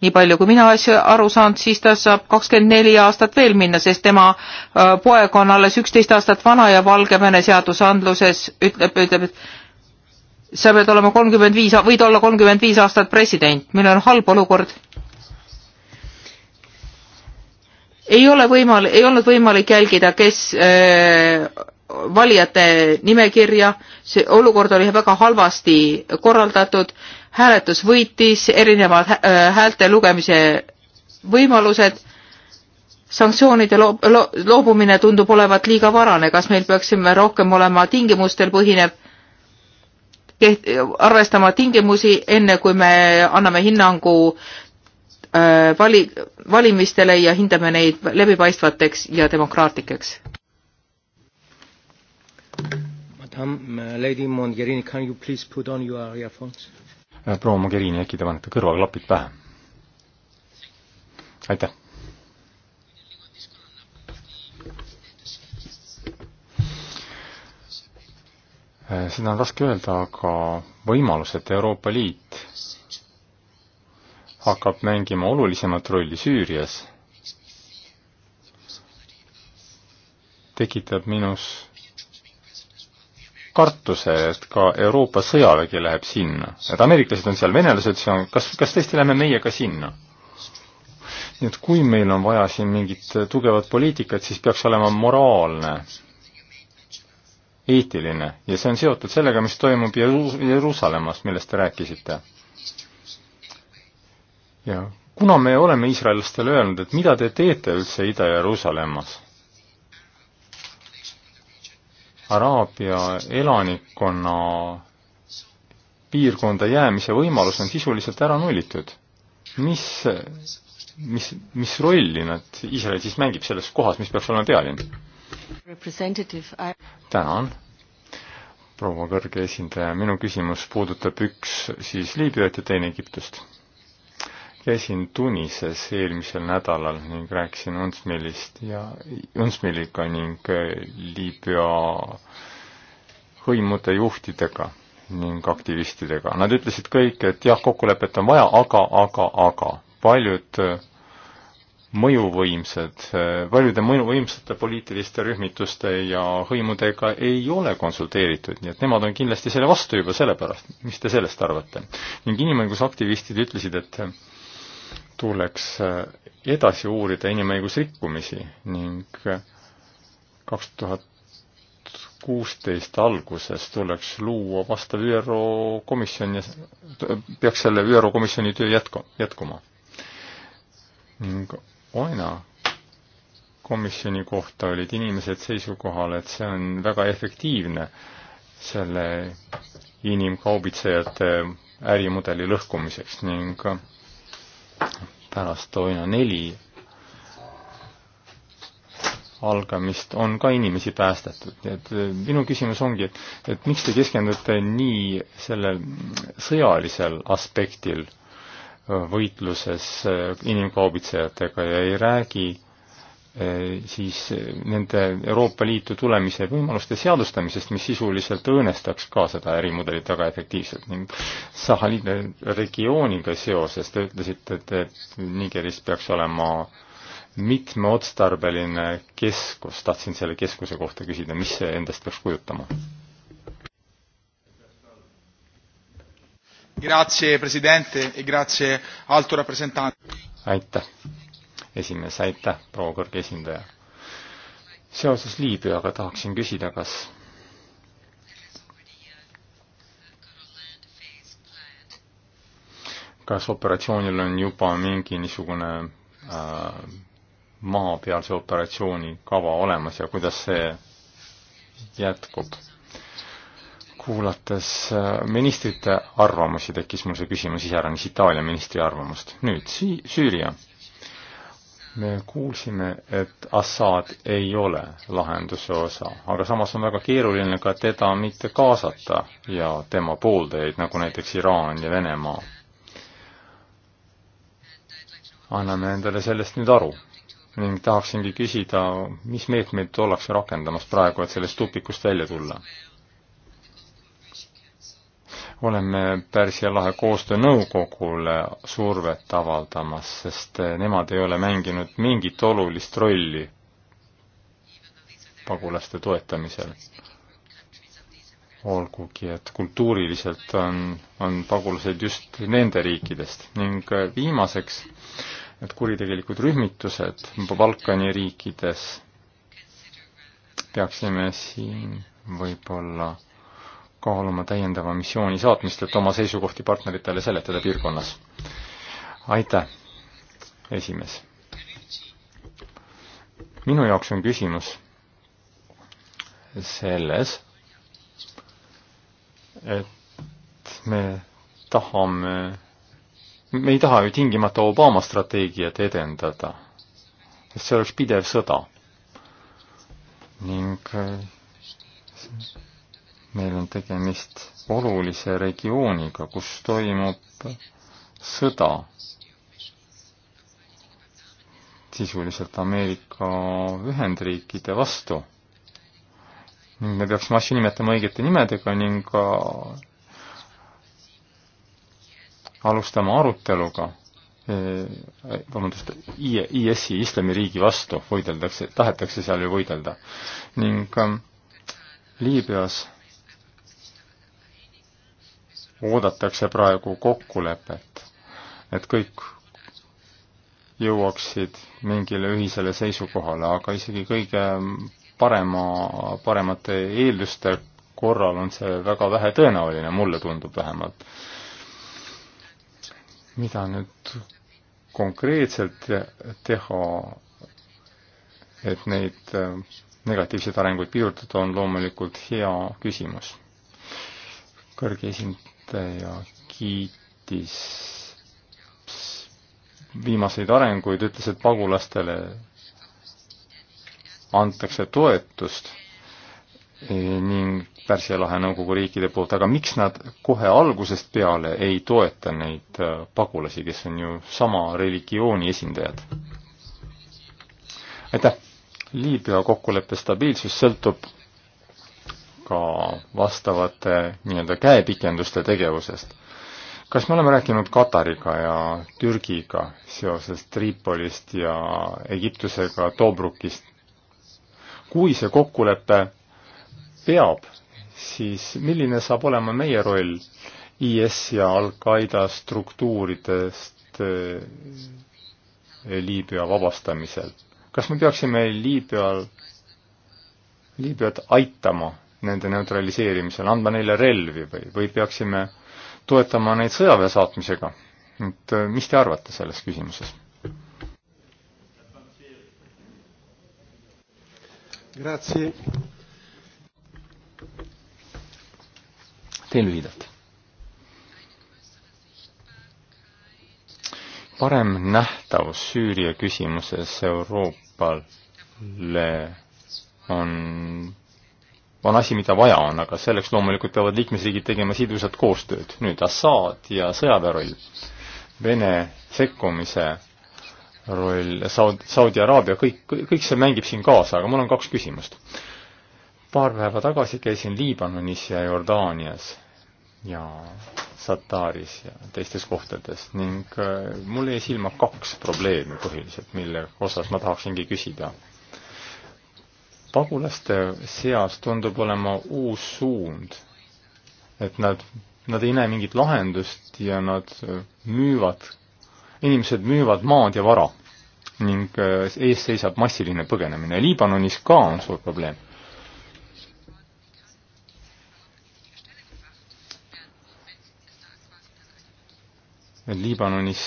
nii palju kui mina asja aru saanud, siis ta saab kakskümmend neli aastat veel minna, sest tema äh, poeg on alles üksteist aastat vana ja Valgevene seadusandluses ütleb, ütleb, et sa pead olema kolmkümmend viis, võid olla kolmkümmend viis aastat president, meil on halb olukord. ei ole võimalik, ei olnud võimalik jälgida, kes äh, valijate nimekirja, see olukord oli väga halvasti korraldatud hääletus võitis, erinevad äh, häälte lugemise võimalused, sanktsioonide loob, lo, loobumine tundub olevat liiga varane, kas meil peaksime rohkem olema tingimustel põhinev keht-, arvestama tingimusi, enne kui me anname hinnangu äh, vali, valimistele ja hindame neid läbipaistvateks ja demokraatlikeks. Madam, uh, Lady Mogherini, can you please put on your earphones? Äh, proua Mogherini, äkki te panete kõrvaklapid pähe? aitäh! Äh, seda on raske öelda, aga võimalus, et Euroopa Liit hakkab mängima olulisemat rolli Süürias, tekitab minus kartuse, et ka Euroopa sõjavägi läheb sinna. et ameeriklased on seal, venelased seal, kas, kas tõesti lähme meie ka sinna? nii et kui meil on vaja siin mingit tugevat poliitikat, siis peaks olema moraalne, eetiline ja see on seotud sellega, mis toimub Jerus-, Jeruusalemmas, millest te rääkisite. ja kuna me oleme iisraellastele öelnud, et mida te teete üldse Ida-Jeruusalemmas Araabia elanikkonna piirkonda jäämise võimalus on sisuliselt ära nullitud. mis, mis, mis rolli nad, Iisrael siis mängib selles kohas, mis peaks olema pealinn? tänan, proua kõrge esindaja, minu küsimus puudutab üks siis Liibüat ja teine Egiptust käisin Tunises eelmisel nädalal ning rääkisin Unsmilist ja Unsmiliga ning äh, Liibüa hõimude juhtidega ning aktivistidega. Nad ütlesid kõik, et jah, kokkulepet on vaja, aga, aga, aga paljud äh, mõjuvõimsad, äh, paljude mõjuvõimsate poliitiliste rühmituste ja hõimudega ei ole konsulteeritud, nii et nemad on kindlasti selle vastu juba sellepärast, mis te sellest arvate. ning inimõigusaktivistid ütlesid, et tuleks äh, edasi uurida inimõigusrikkumisi ning äh, kaks tuhat kuusteist alguses tuleks luua vastav ÜRO komisjon ja peaks selle ÜRO komisjoni töö jätku, jätkuma. ning aina komisjoni kohta olid inimesed seisukohal, et see on väga efektiivne selle inimkaubitsejate ärimudeli lõhkumiseks ning pärast Toino neli algamist on ka inimesi päästetud, nii et minu küsimus ongi, et, et miks te keskendute nii sellel sõjalisel aspektil võitluses inimkaubitsejatega ja ei räägi Eh, siis eh, nende Euroopa Liitu tulemise võimaluste seadustamisest, mis sisuliselt õõnestaks ka seda ärimudelit väga efektiivselt ning Sahali regiooniga seoses te ütlesite, et, et Nigeris peaks olema mitmeotstarbeline keskus, tahtsin selle keskuse kohta küsida, mis see endast peaks kujutama? Grazie, president, e grazie, alto representant. aitäh esimees, aitäh, proua kõrge esindaja. seoses Liibüaga tahaksin küsida, kas kas operatsioonil on juba mingi niisugune äh, maapealse operatsiooni kava olemas ja kuidas see jätkub? kuulates äh, ministrite arvamusi, tekkis mul see küsimus iseäranis Itaalia ministri arvamust. nüüd Sii-, Süüria me kuulsime, et Assad ei ole lahenduse osa, aga samas on väga keeruline ka teda mitte kaasata ja tema pooldajaid, nagu näiteks Iraan ja Venemaa. anname endale sellest nüüd aru ning tahaksingi küsida, mis meetmeid ollakse rakendamas praegu, et sellest tupikust välja tulla oleme Pärsia lahe koostöönõukogule survet avaldamas, sest nemad ei ole mänginud mingit olulist rolli pagulaste toetamisel. olgugi, et kultuuriliselt on, on pagulased just nende riikidest ning viimaseks, et kuritegelikud rühmitused Balkani riikides peaksime siin võib-olla kaaluma täiendava missiooni saatmist, et oma seisukohti partneritele seletada piirkonnas. aitäh, esimees. minu jaoks on küsimus selles, et me tahame, me ei taha ju tingimata Obama strateegiat edendada, sest see oleks pidev sõda. ning meil on tegemist olulise regiooniga, kus toimub sõda. sisuliselt Ameerika Ühendriikide vastu. ning me peaksime asju nimetama õigete nimedega ning ka alustama aruteluga eh, vabandust, IS-i, islamiriigi vastu võideldakse, tahetakse seal ju võidelda. ning ähm, Liibüas oodatakse praegu kokkulepet, et kõik jõuaksid mingile ühisele seisukohale, aga isegi kõige parema, paremate eelduste korral on see väga vähe tõenäoline, mulle tundub vähemalt. mida nüüd konkreetselt teha, et neid negatiivseid arenguid pidurdada, on loomulikult hea küsimus kõrge esindaja kiitis viimaseid arenguid, ütles, et pagulastele antakse toetust eh, ning Pärsia lahe nõukogu riikide poolt, aga miks nad kohe algusest peale ei toeta neid eh, pagulasi, kes on ju sama religiooni esindajad? aitäh! Liibüa kokkuleppe stabiilsus sõltub ka vastavate nii-öelda käepikenduste tegevusest. kas me oleme rääkinud Katariga ja Türgiga seoses Tripolist ja Egiptusega Tobrukist? kui see kokkulepe peab, siis milline saab olema meie roll IS ja Al-Qaeda struktuuridest eh, Liibüa vabastamisel? kas me peaksime Liibüal, Liibüat aitama nende neutraliseerimisel, andma neile relvi või, või peaksime toetama neid sõjaväe saatmisega? et äh, mis te arvate selles küsimuses? Grazie. teen lühidalt. parem nähtavus Süüria küsimuses Euroopale on on asi, mida vaja on, aga selleks loomulikult peavad liikmesriigid tegema sidusat koostööd. nüüd Assad ja sõjaväe roll, Vene sekkumise roll, Saud-, Saudi Araabia, kõik, kõik see mängib siin kaasa, aga mul on kaks küsimust. paar päeva tagasi käisin Liibanonis ja Jordaanias ja Sataris ja teistes kohtades ning äh, mul jäi silma kaks probleemi põhiliselt, mille osas ma tahaksingi küsida pagulaste seas tundub olema uus suund, et nad, nad ei näe mingit lahendust ja nad äh, müüvad, inimesed müüvad maad ja vara ning äh, ees seisab massiline põgenemine. Liibanonis ka on suur probleem. Liibanonis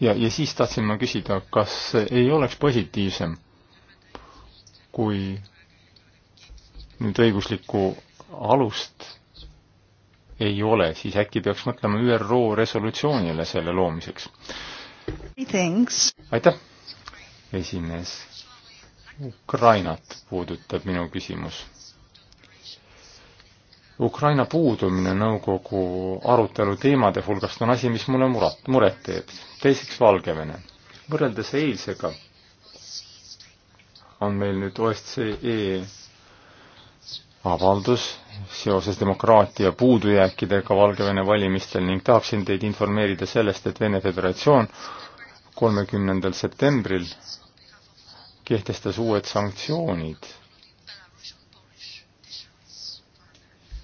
ja, ja siis tahtsin ma küsida, kas ei oleks positiivsem, kui nüüd õiguslikku alust ei ole, siis äkki peaks mõtlema ÜRO resolutsioonile selle loomiseks. aitäh, esimees. Ukrainat puudutab minu küsimus Ukraina puudumine nõukogu arutelu teemade hulgast on asi, mis mulle murat, muret teeb. teiseks Valgevene. võrreldes eilsega on meil nüüd OSCE avaldus seoses demokraatia puudujääkidega Valgevene valimistel ning tahaksin teid informeerida sellest, et Vene Föderatsioon kolmekümnendal septembril kehtestas uued sanktsioonid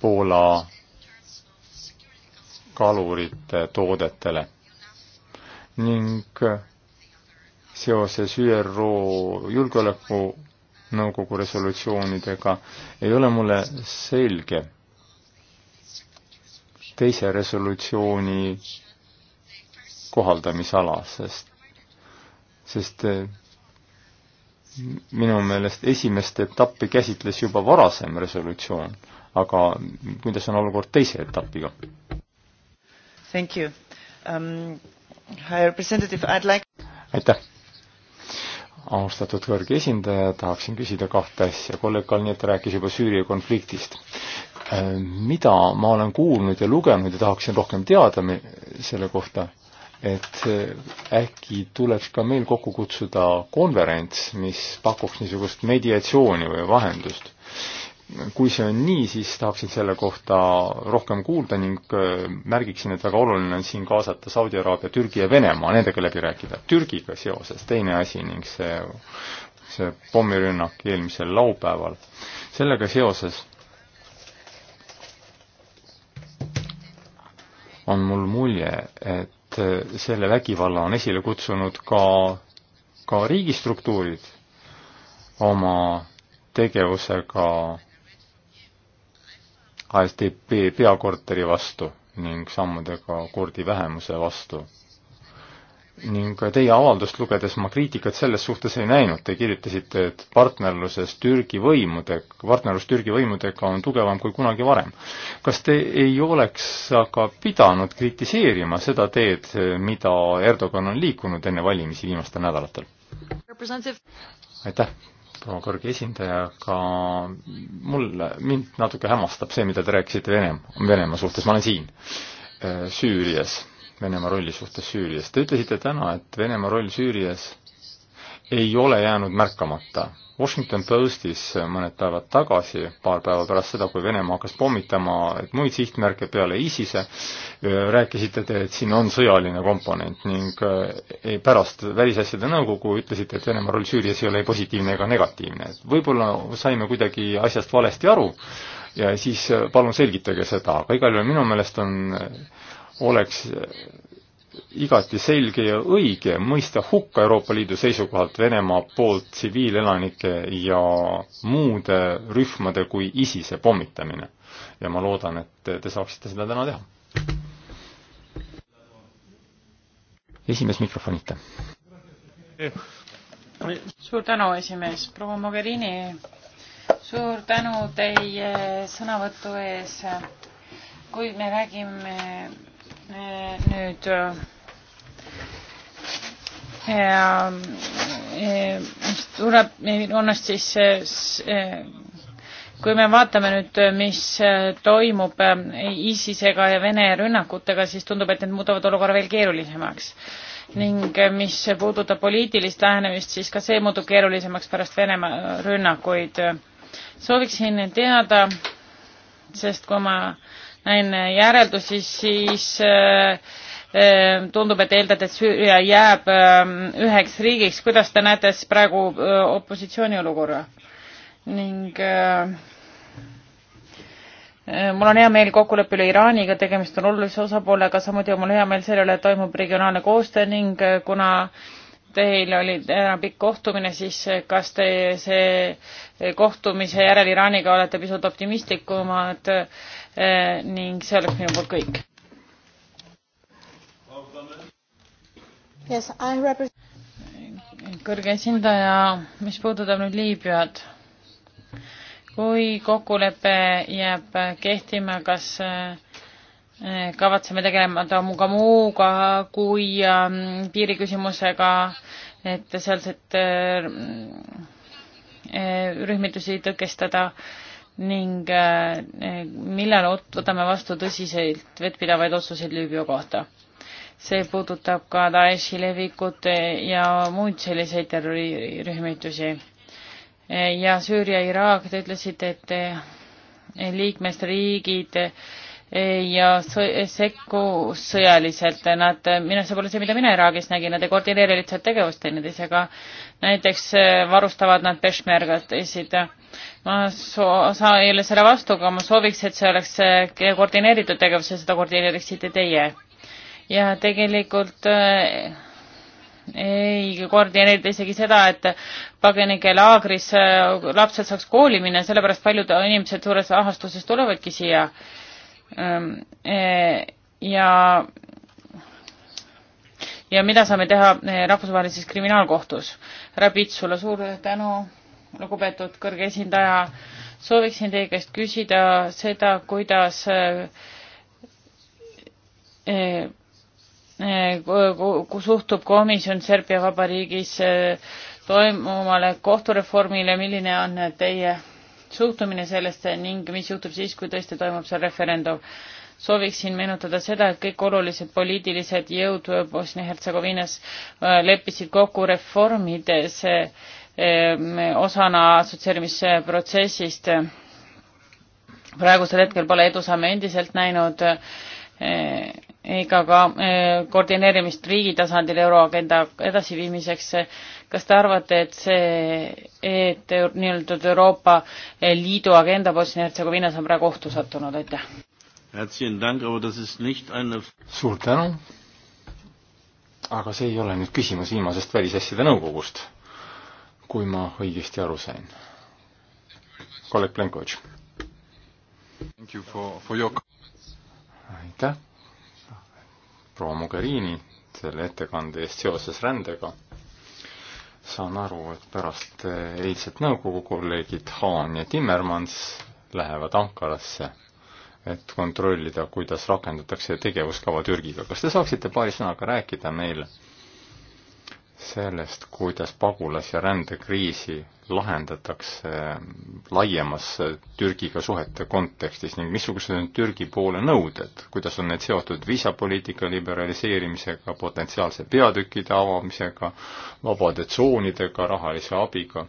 Poola kalurite toodetele ning seoses ÜRO Julgeolekunõukogu resolutsioonidega ei ole mulle selge teise resolutsiooni kohaldamisala, sest, sest eh, minu meelest esimest etappi käsitles juba varasem resolutsioon, aga kuidas on olukord teise etapiga? Thank you um,. High representative, I'd like aitäh! austatud kõrge esindaja, tahaksin küsida kahte asja. kolleeg Kalniet rääkis juba Süüria konfliktist. Ähm, mida ma olen kuulnud ja lugenud ja tahaksin rohkem teada selle kohta, et äh, äkki tuleks ka meil kokku kutsuda konverents, mis pakuks niisugust mediatsiooni või vahendust kui see on nii, siis tahaksin selle kohta rohkem kuulda ning äh, märgiksin, et väga oluline on siin kaasata Saudi Araabia, Türgi ja Venemaa, nendega läbi rääkida. Türgiga seoses teine asi ning see, see pommirünnak eelmisel laupäeval, sellega seoses on mul mulje, et äh, selle vägivalla on esile kutsunud ka, ka riigistruktuurid oma tegevusega ASDP peakorteri vastu ning sammudega kurdi vähemuse vastu. ning teie avaldust lugedes ma kriitikat selles suhtes ei näinud, te kirjutasite, et partnerluses Türgi võimudega, partnerlus Türgi võimudega on tugevam kui kunagi varem. kas te ei oleks aga pidanud kritiseerima seda teed, mida Erdogan on liikunud enne valimisi viimastel nädalatel? aitäh, proua kõrge esindaja, ka mul, mind natuke hämmastab see, mida te rääkisite Venemaa, Venemaa suhtes, ma olen siin, äh, Süürias, Venemaa rolli suhtes Süürias. Te ütlesite täna, et Venemaa roll Süürias ei ole jäänud märkamata. Washington Postis mõned päevad tagasi, paar päeva pärast seda, kui Venemaa hakkas pommitama muid sihtmärke peale ISISe, äh, rääkisite te, et siin on sõjaline komponent ning äh, pärast Välisasjade Nõukogu ütlesite, et Venemaa roll Süürias ei ole ei positiivne ega negatiivne. et võib-olla saime kuidagi asjast valesti aru ja siis äh, palun selgitage seda, aga igal juhul minu meelest on oleks igati selge ja õige mõista hukka Euroopa Liidu seisukohalt Venemaa poolt tsiviilelanike ja muude rühmade kui ISISe pommitamine. ja ma loodan, et te saaksite seda täna teha. esimees mikrofonita. suur tänu, esimees, proua Mogherini, suur tänu teie sõnavõtu ees. kui me räägime nüüd ja, äh, mis äh, äh, tuleb, ennast siis, kui me vaatame nüüd, mis toimub ISISega ja Vene rünnakutega, siis tundub, et need muudavad olukorra veel keerulisemaks. ning mis puudutab poliitilist lähenemist, siis ka see muutub keerulisemaks pärast Venemaa rünnakuid. sooviksin teada, sest kui ma näen järeldusi, siis äh, äh, tundub, et eeldad, et Süüria jääb äh, üheks riigiks. kuidas te näete siis praegu opositsiooni olukorra? ning mul on hea meel kokkuleppe üle Iraaniga, tegemist on olulise osapoolega, samuti on mul hea meel selle üle, et toimub regionaalne koostöö ning kuna teil oli täna pikk kohtumine, siis kas te see kohtumise järel Iraaniga olete pisut optimistlikumad Eh, ning see oleks minu poolt kõik. Yes, kõrge esindaja, mis puudutab nüüd Liibüat, kui kokkulepe jääb kehtima, kas eh, kavatseme tegeleda ka muuga kui ähm, piiriküsimusega, et sealset äh, rühmitusi tõkestada ning äh, millal võtame vastu tõsiseid vettpidavaid otsuseid Liibüa kohta. see puudutab ka Daeshi levikut äh, ja muid selliseid terrorirühmitusi. Äh, ja Süüria, Iraak, te ütlesite, et liikmesriigid ja sekku sõjaliselt, nad, minu, see pole see, mida mina Iraagis nägin, nad ei koordineeri lihtsalt tegevust teineteisega. näiteks äh, varustavad nad peshmergatesid. ma soo-, sa ei ole selle vastu, aga ma sooviks, et see oleks äh, koordineeritud tegevus ja seda koordineeriksite teie. ja tegelikult äh, ei koordineerida isegi seda, et põgenikelaagris lapsed saaks kooli minna, sellepärast paljud inimesed suures ahastuses tulevadki siia Ähm, eh, ja ja mida saame teha eh, rahvusvahelises kriminaalkohtus. härra Pits, sulle suur tänu, lugupeetud kõrge esindaja. sooviksin teie käest küsida seda, kuidas eh, suhtub komisjon Serbia Vabariigis toimuvale kohtureformile, milline on teie suhtumine sellesse ning mis juhtub siis, kui tõesti toimub seal referendum. sooviksin meenutada seda, et kõik olulised poliitilised jõud Bosnia-Hertsegoviinas äh, leppisid kokku reformides ähm, osana assotsieerimisprotsessist. praegusel hetkel pole edusamme endiselt näinud äh, ega ka äh, koordineerimist riigi tasandil euroagenda edasiviimiseks kas te arvate, et see, et nii-öelda Euroopa Liidu agenda Bosnia-Hertsegoviinas on praegu ohtu sattunud, aitäh? suur tänu, aga see ei ole nüüd küsimus viimasest Välisasjade Nõukogust, kui ma õigesti aru sain. kolleeg Plenkovitš. aitäh, proua Mogherini, selle ettekande eest seoses rändega saan aru, et pärast eh, eilset nõukogu kolleegid Haan ja Timmermans lähevad Ankarasse, et kontrollida, kuidas rakendatakse tegevuskava Türgiga. kas te saaksite paari sõnaga rääkida meile sellest, kuidas pagulas- ja rändekriisi lahendatakse laiemas Türgiga suhete kontekstis ning missugused on Türgi poole nõuded, kuidas on need seotud viisapoliitika liberaliseerimisega, potentsiaalse peatükkide avamisega, vabade tsoonidega, rahalise abiga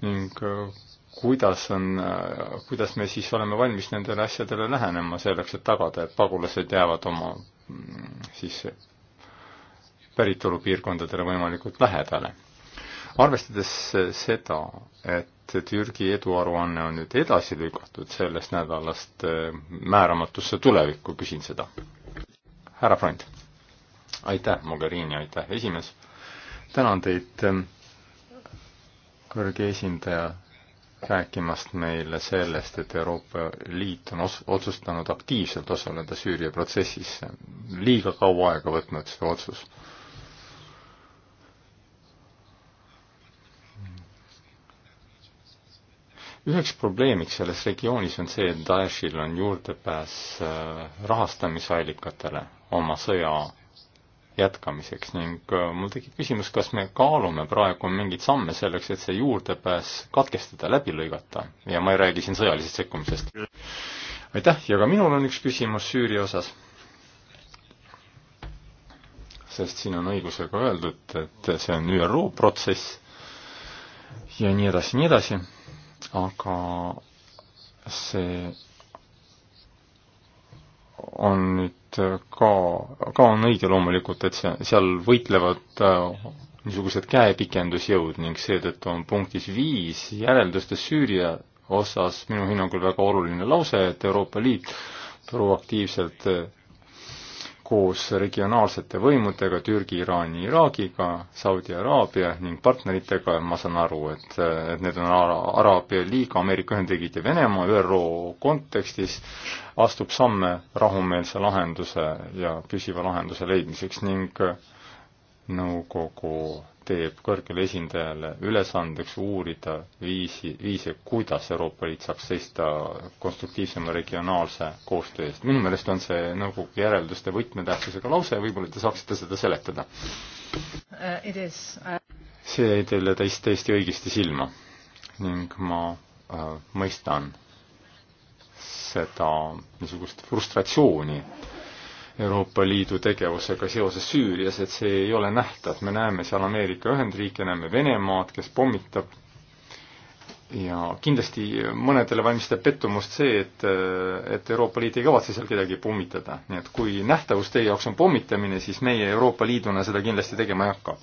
ning äh, kuidas on, äh, kuidas me siis oleme valmis nendele asjadele lähenema selleks, et tagada, et pagulased jäävad oma mm, siis päritolupiirkondadele võimalikult lähedale. arvestades seda, et Türgi eduaruanne on nüüd edasi lükatud sellest nädalast eh, määramatusse tulevikku, küsin seda. härra Freund. aitäh, Mogherini, aitäh, esimees. tänan teid, eh, kõrge esindaja, rääkimast meile sellest, et Euroopa Liit on os-, otsustanud aktiivselt osaleda Süüria protsessis. liiga kaua aega võtnud see otsus üheks probleemiks selles regioonis on see, et Daeshil on juurdepääs äh, rahastamisallikatele oma sõja jätkamiseks ning äh, mul tekib küsimus, kas me kaalume praegu mingeid samme selleks, et see juurdepääs katkestada, läbi lõigata ja ma ei räägi siin sõjalisest sekkumisest. aitäh ja ka minul on üks küsimus Süüria osas. sest siin on õigusega öeldud, et see on ÜRO protsess ja nii edasi, nii edasi aga see on nüüd ka, ka on õige loomulikult, et see, seal võitlevad äh, niisugused käepikendusjõud ning seetõttu on punktis viis järeldustes Süüria osas minu hinnangul väga oluline lause, et Euroopa Liit proaktiivselt äh, koos regionaalsete võimudega, Türgi, Iraani, Iraagiga, Saudi Araabia ning partneritega, ma saan aru, et, et need on Araabia Liiga, Ameerika Ühendriigid ja Venemaa ÜRO kontekstis, astub samme rahumeelse lahenduse ja püsiva lahenduse leidmiseks ning nõukogu teeb kõrgele esindajale ülesandeks uurida viisi, viise, kuidas Euroopa Liit saaks seista konstruktiivsema regionaalse koostöö eest. minu meelest on see nõukogu järelduste võtmetähtsusega lause, võib-olla te saaksite seda seletada uh, uh,? see jäi teile täis täiesti õigesti silma ning ma äh, mõistan seda niisugust frustratsiooni äh, Euroopa Liidu tegevusega seoses Süürias, et see ei ole nähtav, me näeme seal Ameerika Ühendriike, näeme Venemaad, kes pommitab ja kindlasti mõnedele valmistab pettumust see, et, et Euroopa Liit ei kavatse seal kedagi pommitada. nii et kui nähtavus teie jaoks on pommitamine, siis meie Euroopa Liiduna seda kindlasti tegema ei hakka.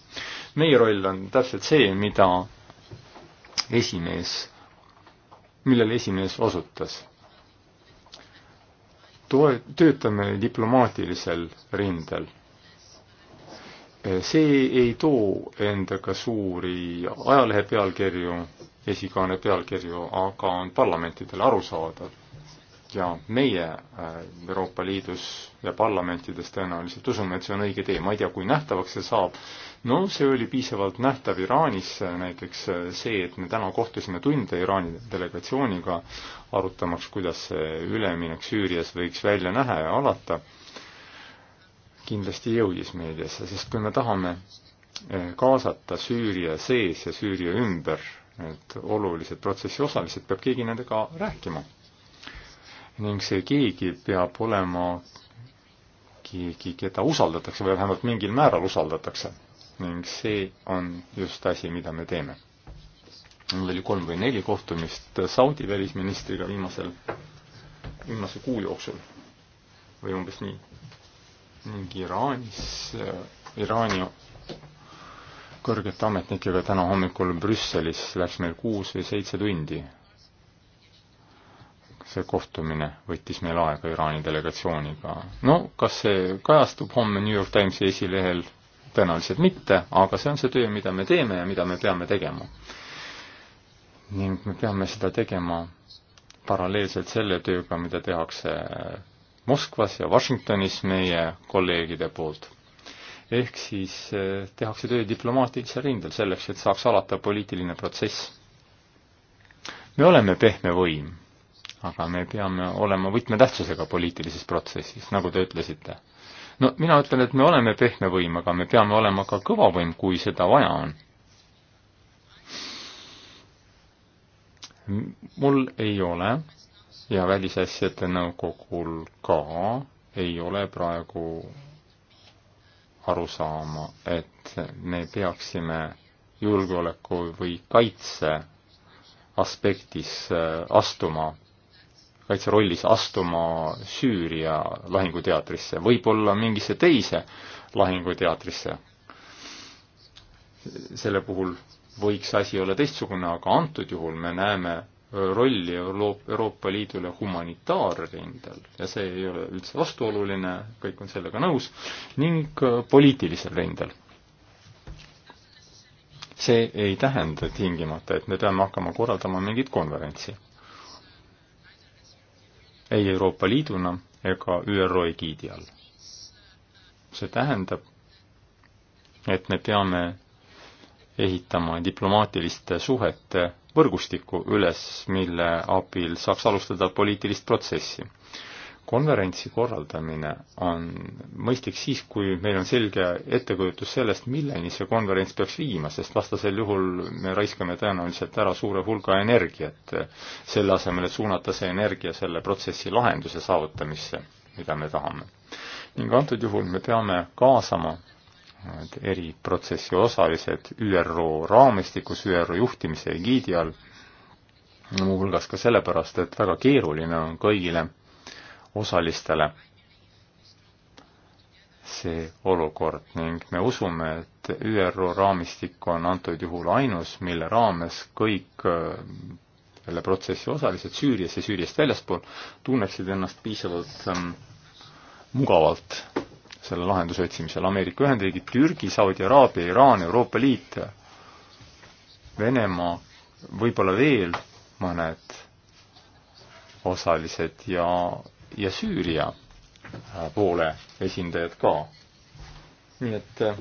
meie roll on täpselt see, mida esimees, millele esimees osutas toe-, töötame diplomaatilisel rindel. Eh, see ei too endaga suuri ajalehe pealkirju, esikaane pealkirju, aga on parlamentidele arusaadav ja meie äh, Euroopa Liidus ja parlamentides tõenäoliselt usume, et see on õige tee, ma ei tea, kui nähtavaks see saab. no see oli piisavalt nähtav Iraanis, näiteks äh, see, et me täna kohtusime tunde Iraani delegatsiooniga, arutamaks, kuidas see üleminek Süürias võiks välja näha ja alata, kindlasti jõudis meediasse, sest kui me tahame äh, kaasata Süüria sees ja Süüria ümber need olulised protsessi osalised, peab keegi nendega rääkima ning see keegi peab olema keegi, keda usaldatakse või vähemalt mingil määral usaldatakse. ning see on just asi, mida me teeme. mul oli kolm või neli kohtumist Saudi välisministriga viimasel, viimase kuu jooksul või umbes nii. ning Iraanis, Iraani kõrgete ametnikega täna hommikul Brüsselis läks meil kuus või seitse tundi see kohtumine võttis meil aega Iraani delegatsiooniga. no kas see kajastub homme New York Timesi esilehel, tõenäoliselt mitte, aga see on see töö, mida me teeme ja mida me peame tegema. ning me peame seda tegema paralleelselt selle tööga, mida tehakse Moskvas ja Washingtonis meie kolleegide poolt. ehk siis eh, tehakse töö diplomaatilisel rindel selleks, et saaks alata poliitiline protsess. me oleme pehme võim aga me peame olema võtmetähtsusega poliitilises protsessis, nagu te ütlesite. no mina ütlen, et me oleme pehme võim, aga me peame olema ka kõva võim, kui seda vaja on. mul ei ole ja Välisasjade Nõukogul ka ei ole praegu arusaama, et me peaksime julgeoleku või kaitse aspektis äh, astuma kaitserollis astuma Süüria lahinguteatrisse, võib-olla mingisse teise lahinguteatrisse. selle puhul võiks asi olla teistsugune, aga antud juhul me näeme äh, rolli Euroopa Liidule humanitaarrindel ja see ei ole üldse vastuoluline, kõik on sellega nõus, ning äh, poliitilisel rindel. see ei tähenda tingimata, et me peame hakkama korraldama mingit konverentsi ei Euroopa Liiduna ega ÜRO egiidi all. see tähendab, et me peame ehitama diplomaatiliste suhete võrgustiku üles, mille abil saaks alustada poliitilist protsessi konverentsi korraldamine on mõistlik siis, kui meil on selge ettekujutus sellest, milleni see konverents peaks viima, sest vastasel juhul me raiskame tõenäoliselt ära suure hulga energiat, selle asemel, et suunata see energia selle protsessi lahenduse saavutamisse, mida me tahame. ning antud juhul me peame kaasama eri protsessi osalised ÜRO raamistikus, ÜRO juhtimise egiidi all, muuhulgas ka sellepärast, et väga keeruline on kõigile osalistele see olukord ning me usume, et ÜRO raamistik on antud juhul ainus, mille raames kõik äh, selle protsessi osalised Süürias ja Süüriast väljaspool tunneksid ennast piisavalt ähm, mugavalt selle lahenduse otsimisel. Ameerika Ühendriigid, Türgi, Saudi Araabia, Iraan, Euroopa Liit, Venemaa, võib-olla veel mõned osalised ja ja Süüria äh, poole esindajad ka. nii et äh,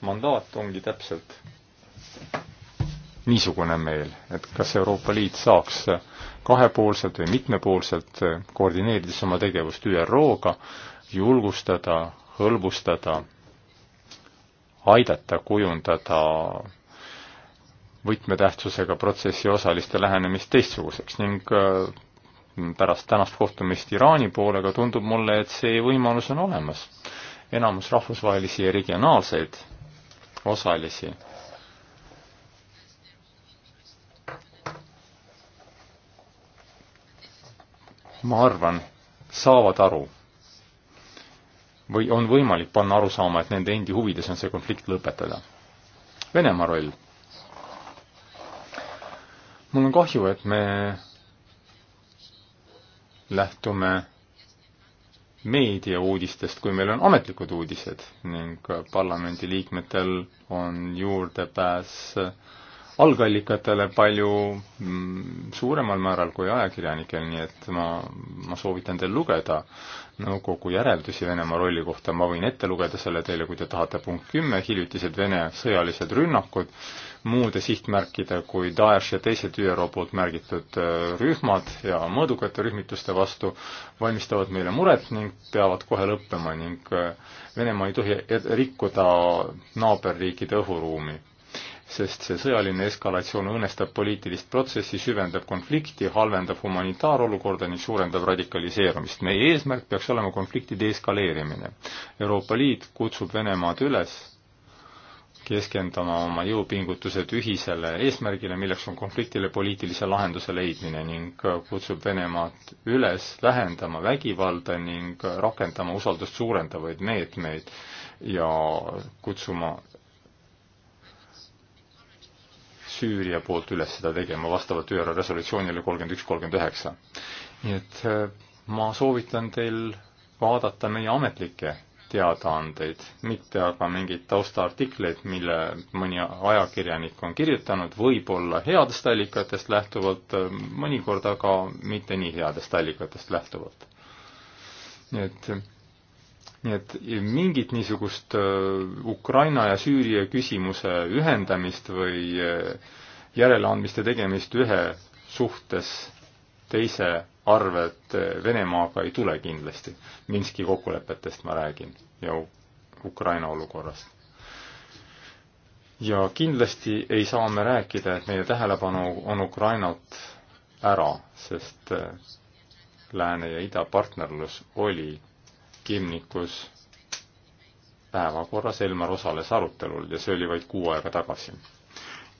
mandaat ongi täpselt niisugune meil, et kas Euroopa Liit saaks äh, kahepoolselt või mitmepoolselt, koordineerides oma tegevust ÜRO-ga, julgustada, hõlbustada, aidata kujundada võtmetähtsusega protsessi osaliste lähenemist teistsuguseks ning pärast tänast kohtumist Iraani poolega tundub mulle, et see võimalus on olemas. enamus rahvusvahelisi ja regionaalseid osalisi ma arvan, saavad aru või on võimalik panna aru saama, et nende endi huvides on see konflikt lõpetada. Venemaa roll. mul on kahju, et me lähtume meediauudistest, kui meil on ametlikud uudised ning parlamendiliikmetel on juurdepääs äh, algallikatele palju mm, suuremal määral kui ajakirjanikel, nii et ma, ma soovitan teil lugeda nõukogu järeldusi Venemaa rolli kohta, ma võin ette lugeda selle teile, kui te tahate, punkt kümme, hiljutised Vene sõjalised rünnakud muude sihtmärkide kui Daesh ja teised ÜRO poolt märgitud äh, rühmad ja mõõdukate rühmituste vastu valmistavad meile muret ning peavad kohe lõppema ning äh, Venemaa ei tohi e-, rikkuda naaberriikide õhuruumi sest see sõjaline eskalatsioon õõnestab poliitilist protsessi, süvendab konflikti, halvendab humanitaarolukorda ning suurendab radikaliseerumist. meie eesmärk peaks olema konflikti deeskaleerimine. Euroopa Liit kutsub Venemaad üles keskendama oma jõupingutused ühisele eesmärgile, milleks on konfliktile poliitilise lahenduse leidmine ning kutsub Venemaad üles vähendama vägivalda ning rakendama usaldust suurendavaid meetmeid ja kutsuma Süüria poolt üles seda tegema vastavalt ÜRO resolutsioonile kolmkümmend üks, kolmkümmend üheksa. nii et äh, ma soovitan teil vaadata meie ametlikke teadaandeid, mitte aga mingeid taustaartikleid, mille mõni ajakirjanik on kirjutanud, võib-olla headest allikatest lähtuvalt, äh, mõnikord aga mitte nii headest allikatest lähtuvalt. nii et nii et mingit niisugust äh, Ukraina ja Süüria küsimuse ühendamist või äh, järeleandmiste tegemist ühe suhtes teise arvelt äh, Venemaaga ei tule kindlasti. Minski kokkulepetest ma räägin ja Ukraina olukorrast. ja kindlasti ei saa me rääkida, et meie tähelepanu on Ukrainalt ära, sest Lääne ja Ida partnerlus oli Kimnikus päevakorras, Elmar osales arutelul ja see oli vaid kuu aega tagasi.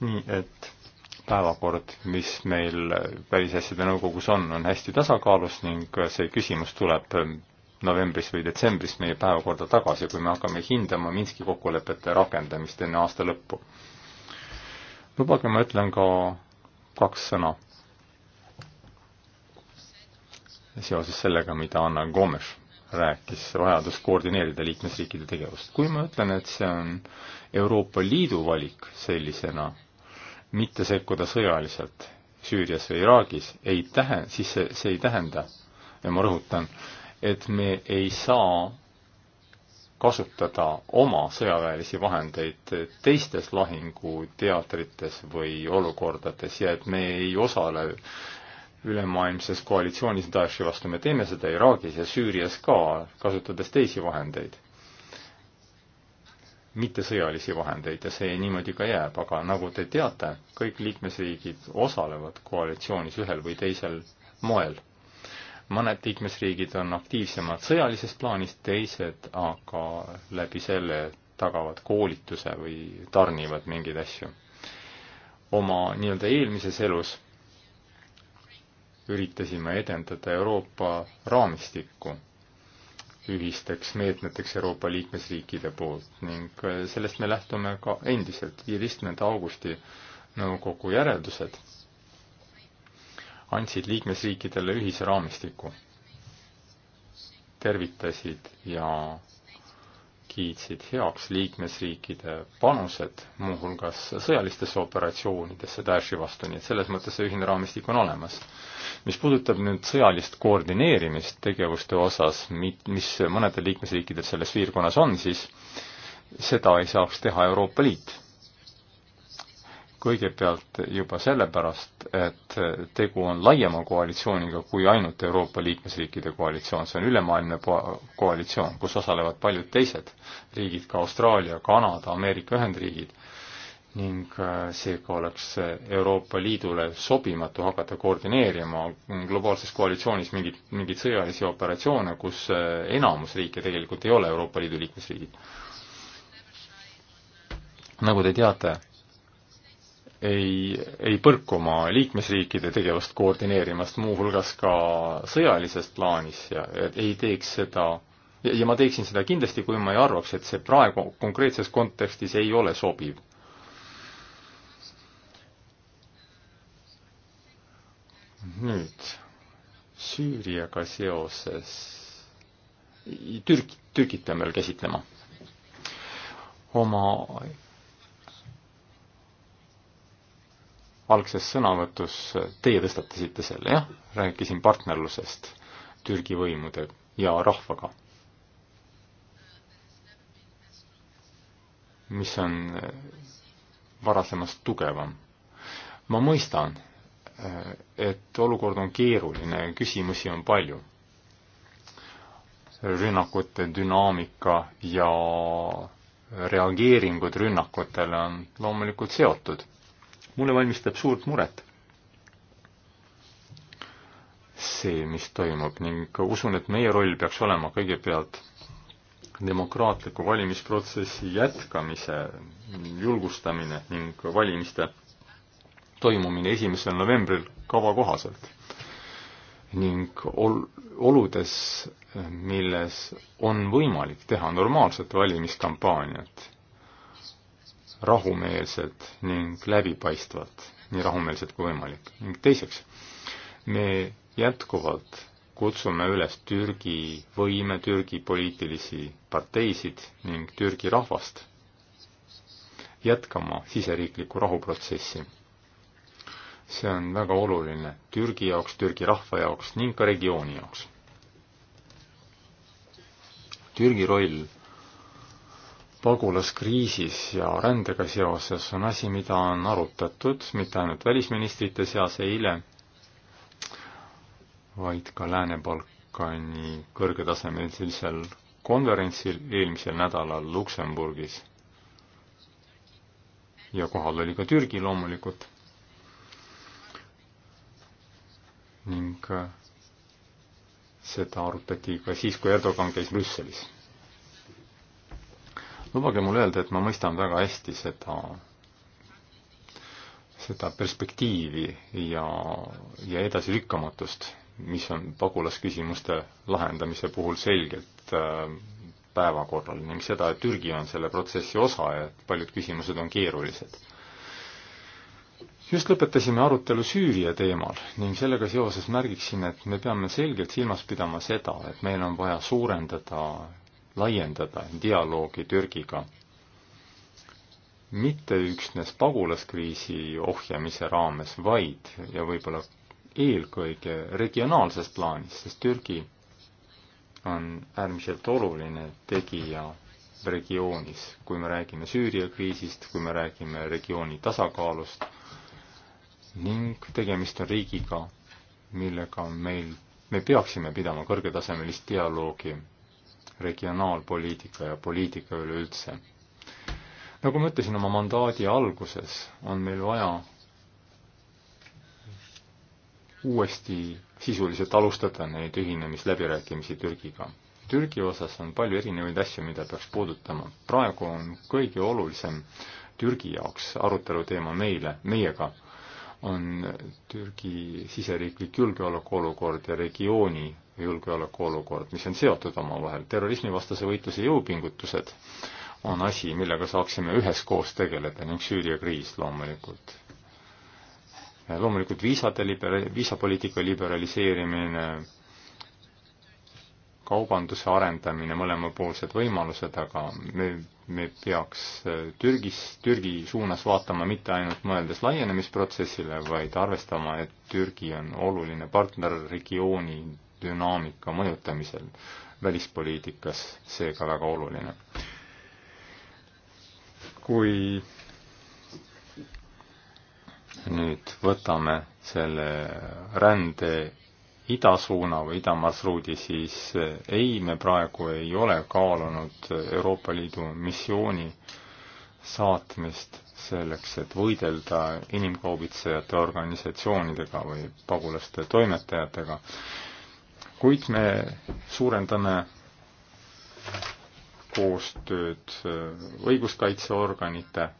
nii et päevakord, mis meil Välisasjade Nõukogus on, on hästi tasakaalus ning see küsimus tuleb novembris või detsembris meie päevakorda tagasi, kui me hakkame hindama Minski kokkulepete rakendamist enne aasta lõppu. lubage, ma ütlen ka kaks sõna seoses sellega, mida Anna Gomes rääkis vajadust koordineerida liikmesriikide tegevust. kui ma ütlen, et see on Euroopa Liidu valik sellisena, mitte sekkuda sõjaliselt Süürias või Iraagis, ei tähe-, siis see, see ei tähenda, ja ma rõhutan, et me ei saa kasutada oma sõjaväelisi vahendeid teistes lahinguteatrites või olukordades ja et me ei osale ülemaailmses koalitsioonis Daeshi vastu, me teeme seda Iraagis ja Süürias ka, kasutades teisi vahendeid. mittesõjalisi vahendeid ja see niimoodi ka jääb, aga nagu te teate, kõik liikmesriigid osalevad koalitsioonis ühel või teisel moel. mõned liikmesriigid on aktiivsemad sõjalises plaanis, teised aga läbi selle tagavad koolituse või tarnivad mingeid asju. oma nii-öelda eelmises elus üritasime edendada Euroopa raamistikku ühisteks meetmeteks Euroopa liikmesriikide poolt ning äh, sellest me lähtume ka endiselt. viieteistkümnenda augusti nõukogu järeldused andsid liikmesriikidele ühise raamistiku, tervitasid ja kiitsid heaks liikmesriikide panused, muuhulgas sõjalistesse operatsioonidesse Daeshi vastu, nii et selles mõttes see ühine raamistik on olemas. mis puudutab nüüd sõjalist koordineerimist tegevuste osas, mis mõnedel liikmesriikidel selles piirkonnas on, siis seda ei saaks teha Euroopa Liit kõigepealt juba sellepärast, et tegu on laiema koalitsiooniga kui ainult Euroopa liikmesriikide koalitsioon, see on ülemaailmne koalitsioon, kus osalevad paljud teised riigid, ka Austraalia, Kanada, Ameerika Ühendriigid, ning äh, seega oleks Euroopa Liidule sobimatu hakata koordineerima globaalses koalitsioonis mingit, mingeid sõjalisi operatsioone, kus äh, enamus riike tegelikult ei ole Euroopa Liidu liikmesriigid. nagu te teate, ei, ei põrku oma liikmesriikide tegevust koordineerimast, muuhulgas ka sõjalises plaanis ja et ei teeks seda ja, ja ma teeksin seda kindlasti, kui ma ei arvaks, et see praegu konkreetses kontekstis ei ole sobiv. nüüd Süüriaga seoses Türk-, Türgit peame veel käsitlema. oma algses sõnavõtus teie tõstatasite selle, jah, rääkisin partnerlusest Türgi võimude ja rahvaga. mis on eh, varasemast tugevam. ma mõistan, eh, et olukord on keeruline, küsimusi on palju. rünnakute dünaamika ja reageeringud rünnakutele on loomulikult seotud mulle valmistab suurt muret see, mis toimub ning usun, et meie roll peaks olema kõigepealt demokraatliku valimisprotsessi jätkamise julgustamine ning valimiste toimumine esimesel novembril kava kohaselt ning ol-, oludes, milles on võimalik teha normaalset valimiskampaaniat rahumeelselt ning läbipaistvalt, nii rahumeelselt kui võimalik. ning teiseks, me jätkuvalt kutsume üles Türgi võime, Türgi poliitilisi parteisid ning Türgi rahvast jätkama siseriiklikku rahuprotsessi. see on väga oluline Türgi jaoks, Türgi rahva jaoks ning ka regiooni jaoks. Türgi roll pagulaskriisis ja rändega seoses on asi, mida on arutatud mitte ainult välisministrite seas eile, vaid ka Lääne-Balkani kõrgetasemelisel konverentsil eelmisel nädalal Luksemburgis. ja kohal oli ka Türgi loomulikult. ning äh, seda arutati ka siis, kui Erdogan käis Brüsselis lubage mul öelda, et ma mõistan väga hästi seda, seda perspektiivi ja, ja edasilükkamatust, mis on pagulasküsimuste lahendamise puhul selgelt äh, päevakorral ning seda, et Türgi on selle protsessi osa ja et paljud küsimused on keerulised just lõpetasime arutelu Süüria teemal ning sellega seoses märgiksin, et me peame selgelt silmas pidama seda, et meil on vaja suurendada laiendada dialoogi Türgiga mitte üksnes pagulaskriisi ohjamise raames, vaid ja võib-olla eelkõige regionaalses plaanis, sest Türgi on äärmiselt oluline tegija regioonis, kui me räägime Süüria kriisist, kui me räägime regiooni tasakaalust ning tegemist on riigiga, millega meil, me peaksime pidama kõrgetasemelist dialoogi regionaalpoliitika ja poliitika üleüldse. nagu ma ütlesin oma mandaadi alguses, on meil vaja uuesti sisuliselt alustada neid ühinemisläbirääkimisi Türgiga. Türgi osas on palju erinevaid asju, mida peaks puudutama. praegu on kõige olulisem Türgi jaoks aruteluteema meile, meiega, on Türgi siseriiklik julgeolekuolukord ja regiooni julgeolekuolukord, mis on seotud omavahel. terrorismivastase võitluse jõupingutused on asi, millega saaksime üheskoos tegeleda ning Süüria kriis loomulikult. loomulikult viisade libera-, viisapoliitika liberaliseerimine, kaubanduse arendamine, mõlemapoolsed võimalused, aga me, me peaks Türgis, Türgi suunas vaatama mitte ainult mõeldes laienemisprotsessile, vaid arvestama, et Türgi on oluline partner regiooni dünaamika mõjutamisel välispoliitikas seega väga oluline. kui nüüd võtame selle rände idasuuna või idamarsruudi, siis ei, me praegu ei ole kaalunud Euroopa Liidu missiooni saatmist selleks, et võidelda inimkaubitsejate organisatsioonidega või pagulaste toimetajatega kuid me suurendame koostööd äh, õiguskaitseorganitega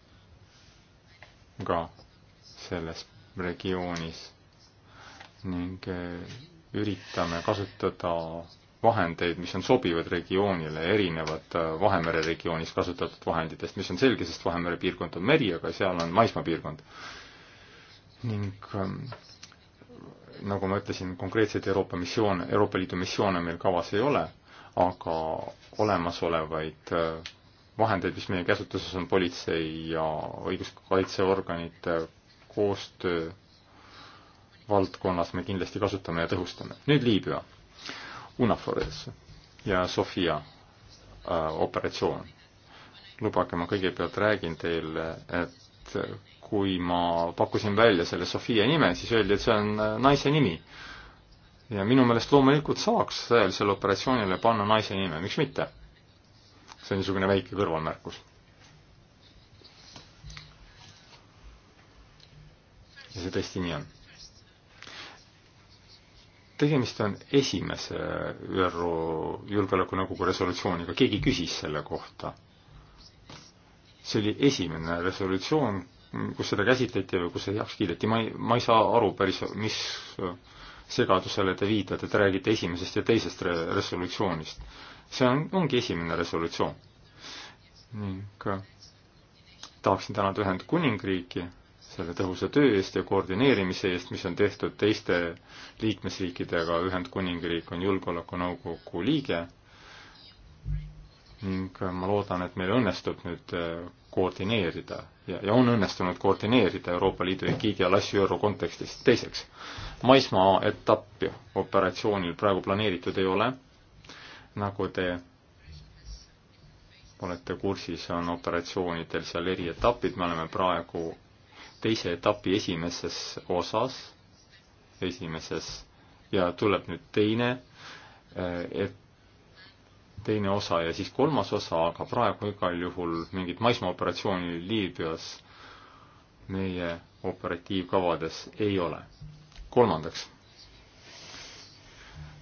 selles regioonis ning äh, üritame kasutada vahendeid, mis on sobivad regioonile, erinevad äh, Vahemere regioonis kasutatud vahenditest, mis on selge, sest Vahemere piirkond on meri, aga seal on maismaapiirkond. ning ähm, nagu ma ütlesin, konkreetseid Euroopa missioone, Euroopa Liidu missioone meil kavas ei ole, aga olemasolevaid äh, vahendeid, mis meie käsutuses on politsei ja õiguskaitseorganite koostöö valdkonnas me kindlasti kasutame ja tõhustame. nüüd Liibüa, UNAFOR-is ja Sofia äh, operatsioon. lubage, ma kõigepealt räägin teile, et kui ma pakkusin välja selle Sofia nime, siis öeldi, et see on äh, naise nimi. ja minu meelest loomulikult saaks sõjalisele operatsioonile panna naise nime, miks mitte? see on niisugune väike kõrvalmärkus. ja see tõesti nii on. tegemist on esimese ÜRO Julgeolekunõukogu resolutsiooniga, keegi küsis selle kohta. see oli esimene resolutsioon, kus seda käsitleti või kus see heaks kiideti, ma ei, ma ei saa aru päris, mis segadusele te viitate, te räägite esimesest ja teisest re resolutsioonist. see on, ongi esimene resolutsioon. ning äh, tahaksin tänada Ühendkuningriiki selle tõhusa töö eest ja koordineerimise eest, mis on tehtud teiste liikmesriikidega, Ühendkuningriik on Julgeolekunõukogu liige ning äh, ma loodan, et meil õnnestub nüüd äh, koordineerida ja, ja on õnnestunud koordineerida Euroopa Liidu egiidi all asju euro kontekstis. teiseks, maismaa etappi operatsioonil praegu planeeritud ei ole, nagu te olete kursis, on operatsioonidel seal eri etapid, me oleme praegu teise etapi esimeses osas, esimeses ja tuleb nüüd teine eh, et teine osa ja siis kolmas osa, aga praegu igal juhul mingit maismaaoperatsiooni Liibüas meie operatiivkavades ei ole. kolmandaks,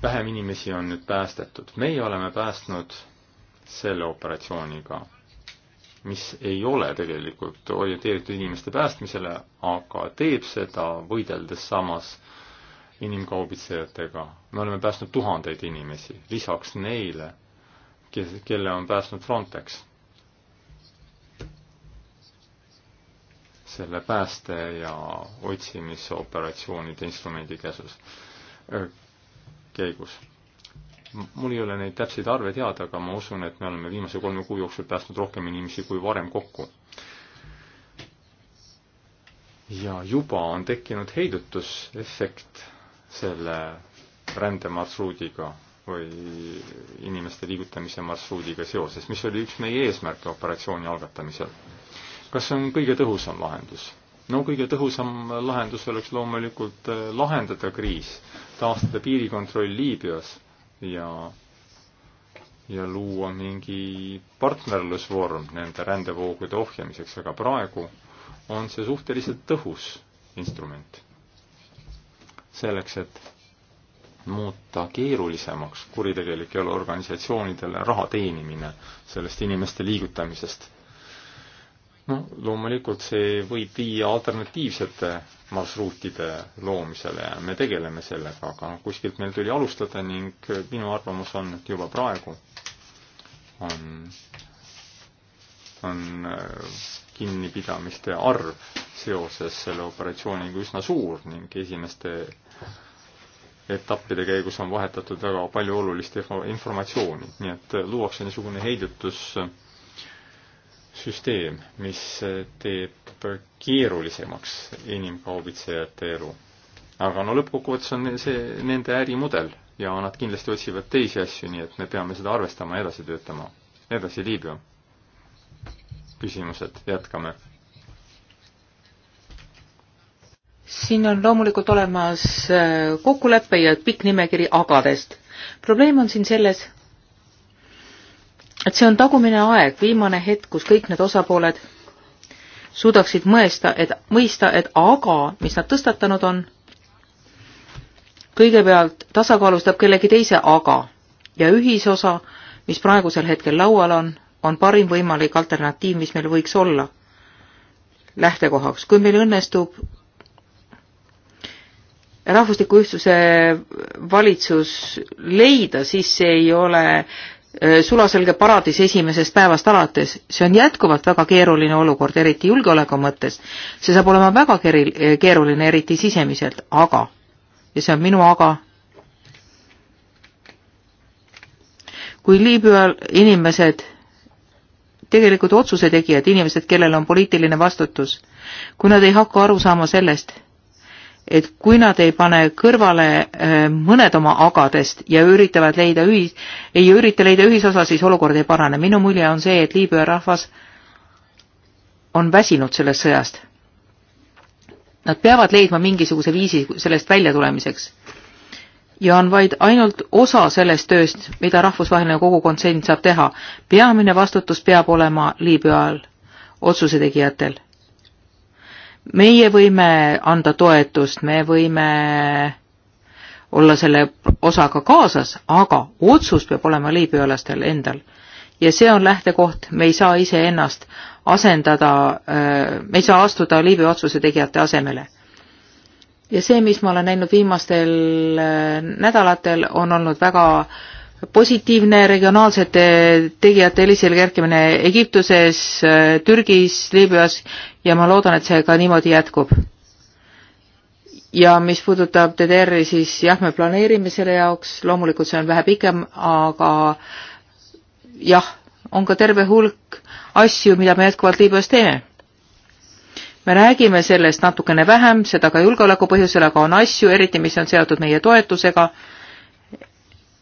vähem inimesi on nüüd päästetud. meie oleme päästnud selle operatsiooniga, mis ei ole tegelikult orienteeritud inimeste päästmisele, aga teeb seda võideldes samas inimkaubitsejatega. me oleme päästnud tuhandeid inimesi, lisaks neile kes, kelle on päästnud Frontex. selle pääste- ja otsimisoperatsioonide instrumendi käsus, äh, käigus. mul ei ole neid täpseid arve teada, aga ma usun, et me oleme viimase kolme kuu jooksul päästnud rohkem inimesi kui varem kokku. ja juba on tekkinud heidutusefekt selle rändemarsruudiga või inimeste liigutamise marsruudiga seoses, mis oli üks meie eesmärke operatsiooni algatamisel. kas see on kõige tõhusam lahendus? no kõige tõhusam lahendus oleks loomulikult eh, lahendada kriis, taastada piirikontroll Liibüas ja, ja luua mingi partnerlusvorm nende rändevoogude ohjamiseks, aga praegu on see suhteliselt tõhus instrument. selleks, et muuta keerulisemaks kuritegelikele organisatsioonidele raha teenimine sellest inimeste liigutamisest. noh, loomulikult see võib viia alternatiivsete marsruutide loomisele ja me tegeleme sellega, aga kuskilt meil tuli alustada ning minu arvamus on, et juba praegu on, on äh, kinnipidamiste arv seoses selle operatsiooniga üsna suur ning esimeste etappide käigus on vahetatud väga palju olulist informatsiooni, nii et äh, luuakse niisugune heidutussüsteem, mis äh, teeb keerulisemaks inimkaubitsejate elu. aga no lõppkokkuvõttes on see nende ärimudel ja nad kindlasti otsivad teisi asju, nii et me peame seda arvestama ja edasi töötama. edasi, Liibüa küsimused, jätkame siin on loomulikult olemas äh, kokkulepe ja pikk nimekiri agadest. probleem on siin selles, et see on tagumine aeg, viimane hetk, kus kõik need osapooled suudaksid mõesta, et mõista, et aga, mis nad tõstatanud on, kõigepealt tasakaalustab kellegi teise aga ja ühisosa, mis praegusel hetkel laual on, on parim võimalik alternatiiv, mis meil võiks olla lähtekohaks. kui meil õnnestub rahvusliku ühtsuse valitsus leida, siis see ei ole äh, sulaselge paradiis esimesest päevast alates. see on jätkuvalt väga keeruline olukord, eriti julgeoleku mõttes. see saab olema väga keri-, äh, keeruline, eriti sisemiselt, aga, ja see on minu aga, kui Liibüa inimesed, tegelikult otsuse tegijad, inimesed, kellel on poliitiline vastutus, kui nad ei hakka aru saama sellest, et kui nad ei pane kõrvale eh, mõned oma agadest ja üritavad leida ühis, ei ürita leida ühisosa, siis olukord ei parane. minu mulje on see, et Liibüa rahvas on väsinud sellest sõjast. Nad peavad leidma mingisuguse viisi sellest väljatulemiseks. ja on vaid ainult osa sellest tööst, mida rahvusvaheline kogukond siin saab teha. peamine vastutus peab olema Liibüal, otsuse tegijatel meie võime anda toetust, me võime olla selle osaga kaasas, aga otsus peab olema liibüalastel endal. ja see on lähtekoht, me ei saa iseennast asendada, äh, me ei saa astuda Liibüa otsuse tegijate asemele. ja see, mis ma olen näinud viimastel äh, nädalatel, on olnud väga äh, positiivne regionaalsete tegijate helisel kerkimine Egiptuses, Türgis, Liibüas ja ma loodan, et see ka niimoodi jätkub. ja mis puudutab DDR-i, siis jah, me planeerime selle jaoks, loomulikult see on vähe pikem, aga jah, on ka terve hulk asju, mida me jätkuvalt Liibüas teeme me räägime sellest natukene vähem, seda ka julgeoleku põhjusel, aga on asju, eriti mis on seotud meie toetusega äh,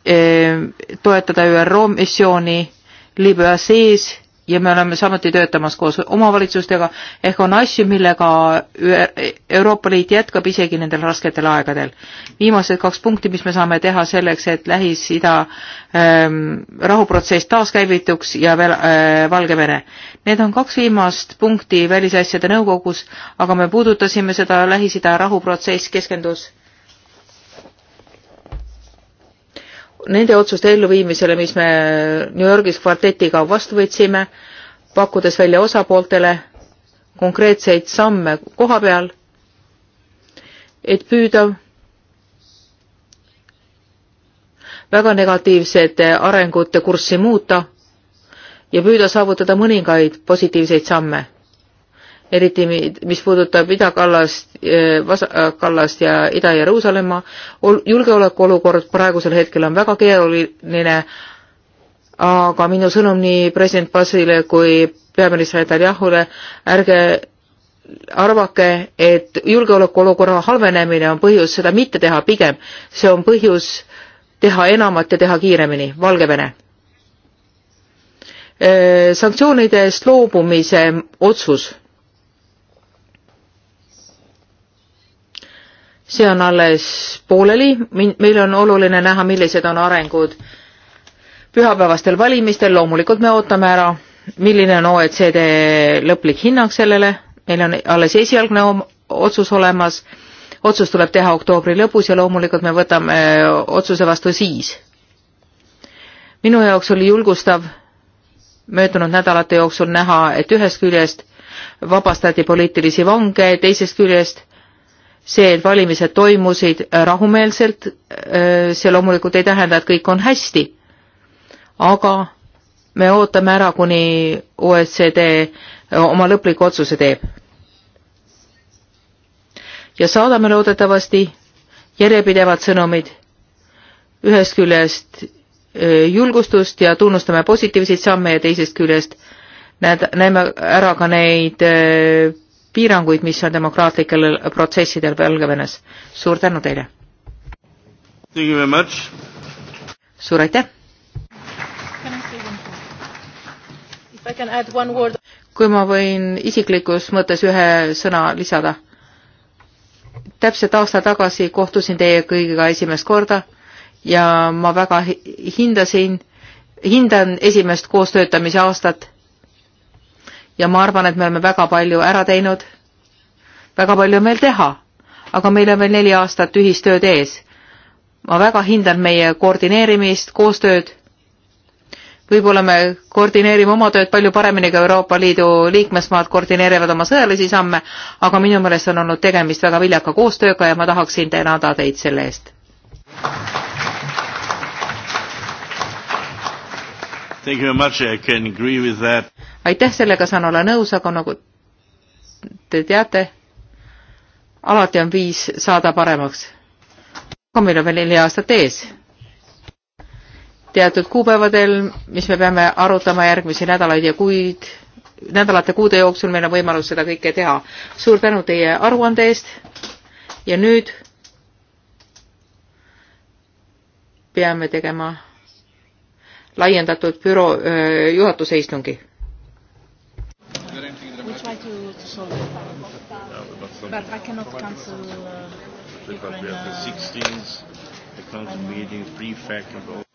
Ehm, toetada ÜRO missiooni Liibüa sees ja me oleme samuti töötamas koos omavalitsustega, ehk on asju, millega Euroopa Liit jätkab isegi nendel rasketel aegadel. viimased kaks punkti, mis me saame teha selleks, et Lähis-Ida ähm, rahuprotsess taaskäivituks ja veel äh, ehm, Valgevene. Need on kaks viimast punkti Välisasjade Nõukogus, aga me puudutasime seda Lähis-Ida rahuprotsess keskendus nende otsuste elluviimisele, mis me New Yorgis kvartetiga vastu võtsime, pakkudes välja osapooltele konkreetseid samme koha peal, et püüda väga negatiivsete arengute kurssi muuta ja püüda saavutada mõningaid positiivseid samme eriti mis puudutab Ida-Kallast, eh, Vasakallast äh, ja Ida-Jeruusalemma. julgeolekuolukord praegusel hetkel on väga keeruline, aga minu sõnum nii president Basile kui peaminister Netanyahule, ärge arvake, et julgeolekuolukorra halvenemine on põhjus seda mitte teha, pigem see on põhjus teha enamat ja teha kiiremini, Valgevene. Eh, sanktsioonidest loobumise otsus see on alles pooleli, meil on oluline näha, millised on arengud pühapäevastel valimistel, loomulikult me ootame ära, milline on OECD lõplik hinnang sellele, meil on alles esialgne otsus olemas, otsus tuleb teha oktoobri lõpus ja loomulikult me võtame eh, otsuse vastu siis. minu jaoks oli julgustav möödunud nädalate jooksul näha, et ühest küljest vabastati poliitilisi vange, teisest küljest see, et valimised toimusid äh, rahumeelselt, äh, see loomulikult ei tähenda, et kõik on hästi. aga me ootame ära, kuni OECD äh, oma lõpliku otsuse teeb. ja saadame loodetavasti järjepidevad sõnumid ühest küljest julgustust ja tunnustame positiivseid samme ja teisest küljest näed, näeme ära ka neid piiranguid, mis on demokraatlikel protsessidel Valgevenes. suur tänu teile! suur aitäh! kui ma võin isiklikus mõttes ühe sõna lisada. täpselt aasta tagasi kohtusin teie kõigiga esimest korda ja ma väga hindasin, hindan esimest koostöötamise aastat ja ma arvan, et me oleme väga palju ära teinud. väga palju on veel teha, aga meil on veel neli aastat ühistööd ees. ma väga hindan meie koordineerimist, koostööd. võib-olla me koordineerime oma tööd palju paremini kui Euroopa Liidu liikmesmaad koordineerivad oma sõjalisi samme, aga minu meelest on olnud tegemist väga viljaka koostööga ja ma tahaksin tänada teid selle eest. Thank you very much. I can agree with that aitäh, sellega saan olla nõus, aga nagu te teate, alati on viis saada paremaks. aga meil on veel neli aastat ees. teatud kuupäevadel, mis me peame arutama järgmisi nädalaid ja kuid, nädalate, kuude jooksul meil on võimalus seda kõike teha. suur tänu teie aruande eest ja nüüd peame tegema laiendatud büroo äh, juhatuse istungi cancel. Yeah, but, that's but I cannot cancel. Uh, because Ukraine, we have uh, the 16th, the council meeting, prefect, and all.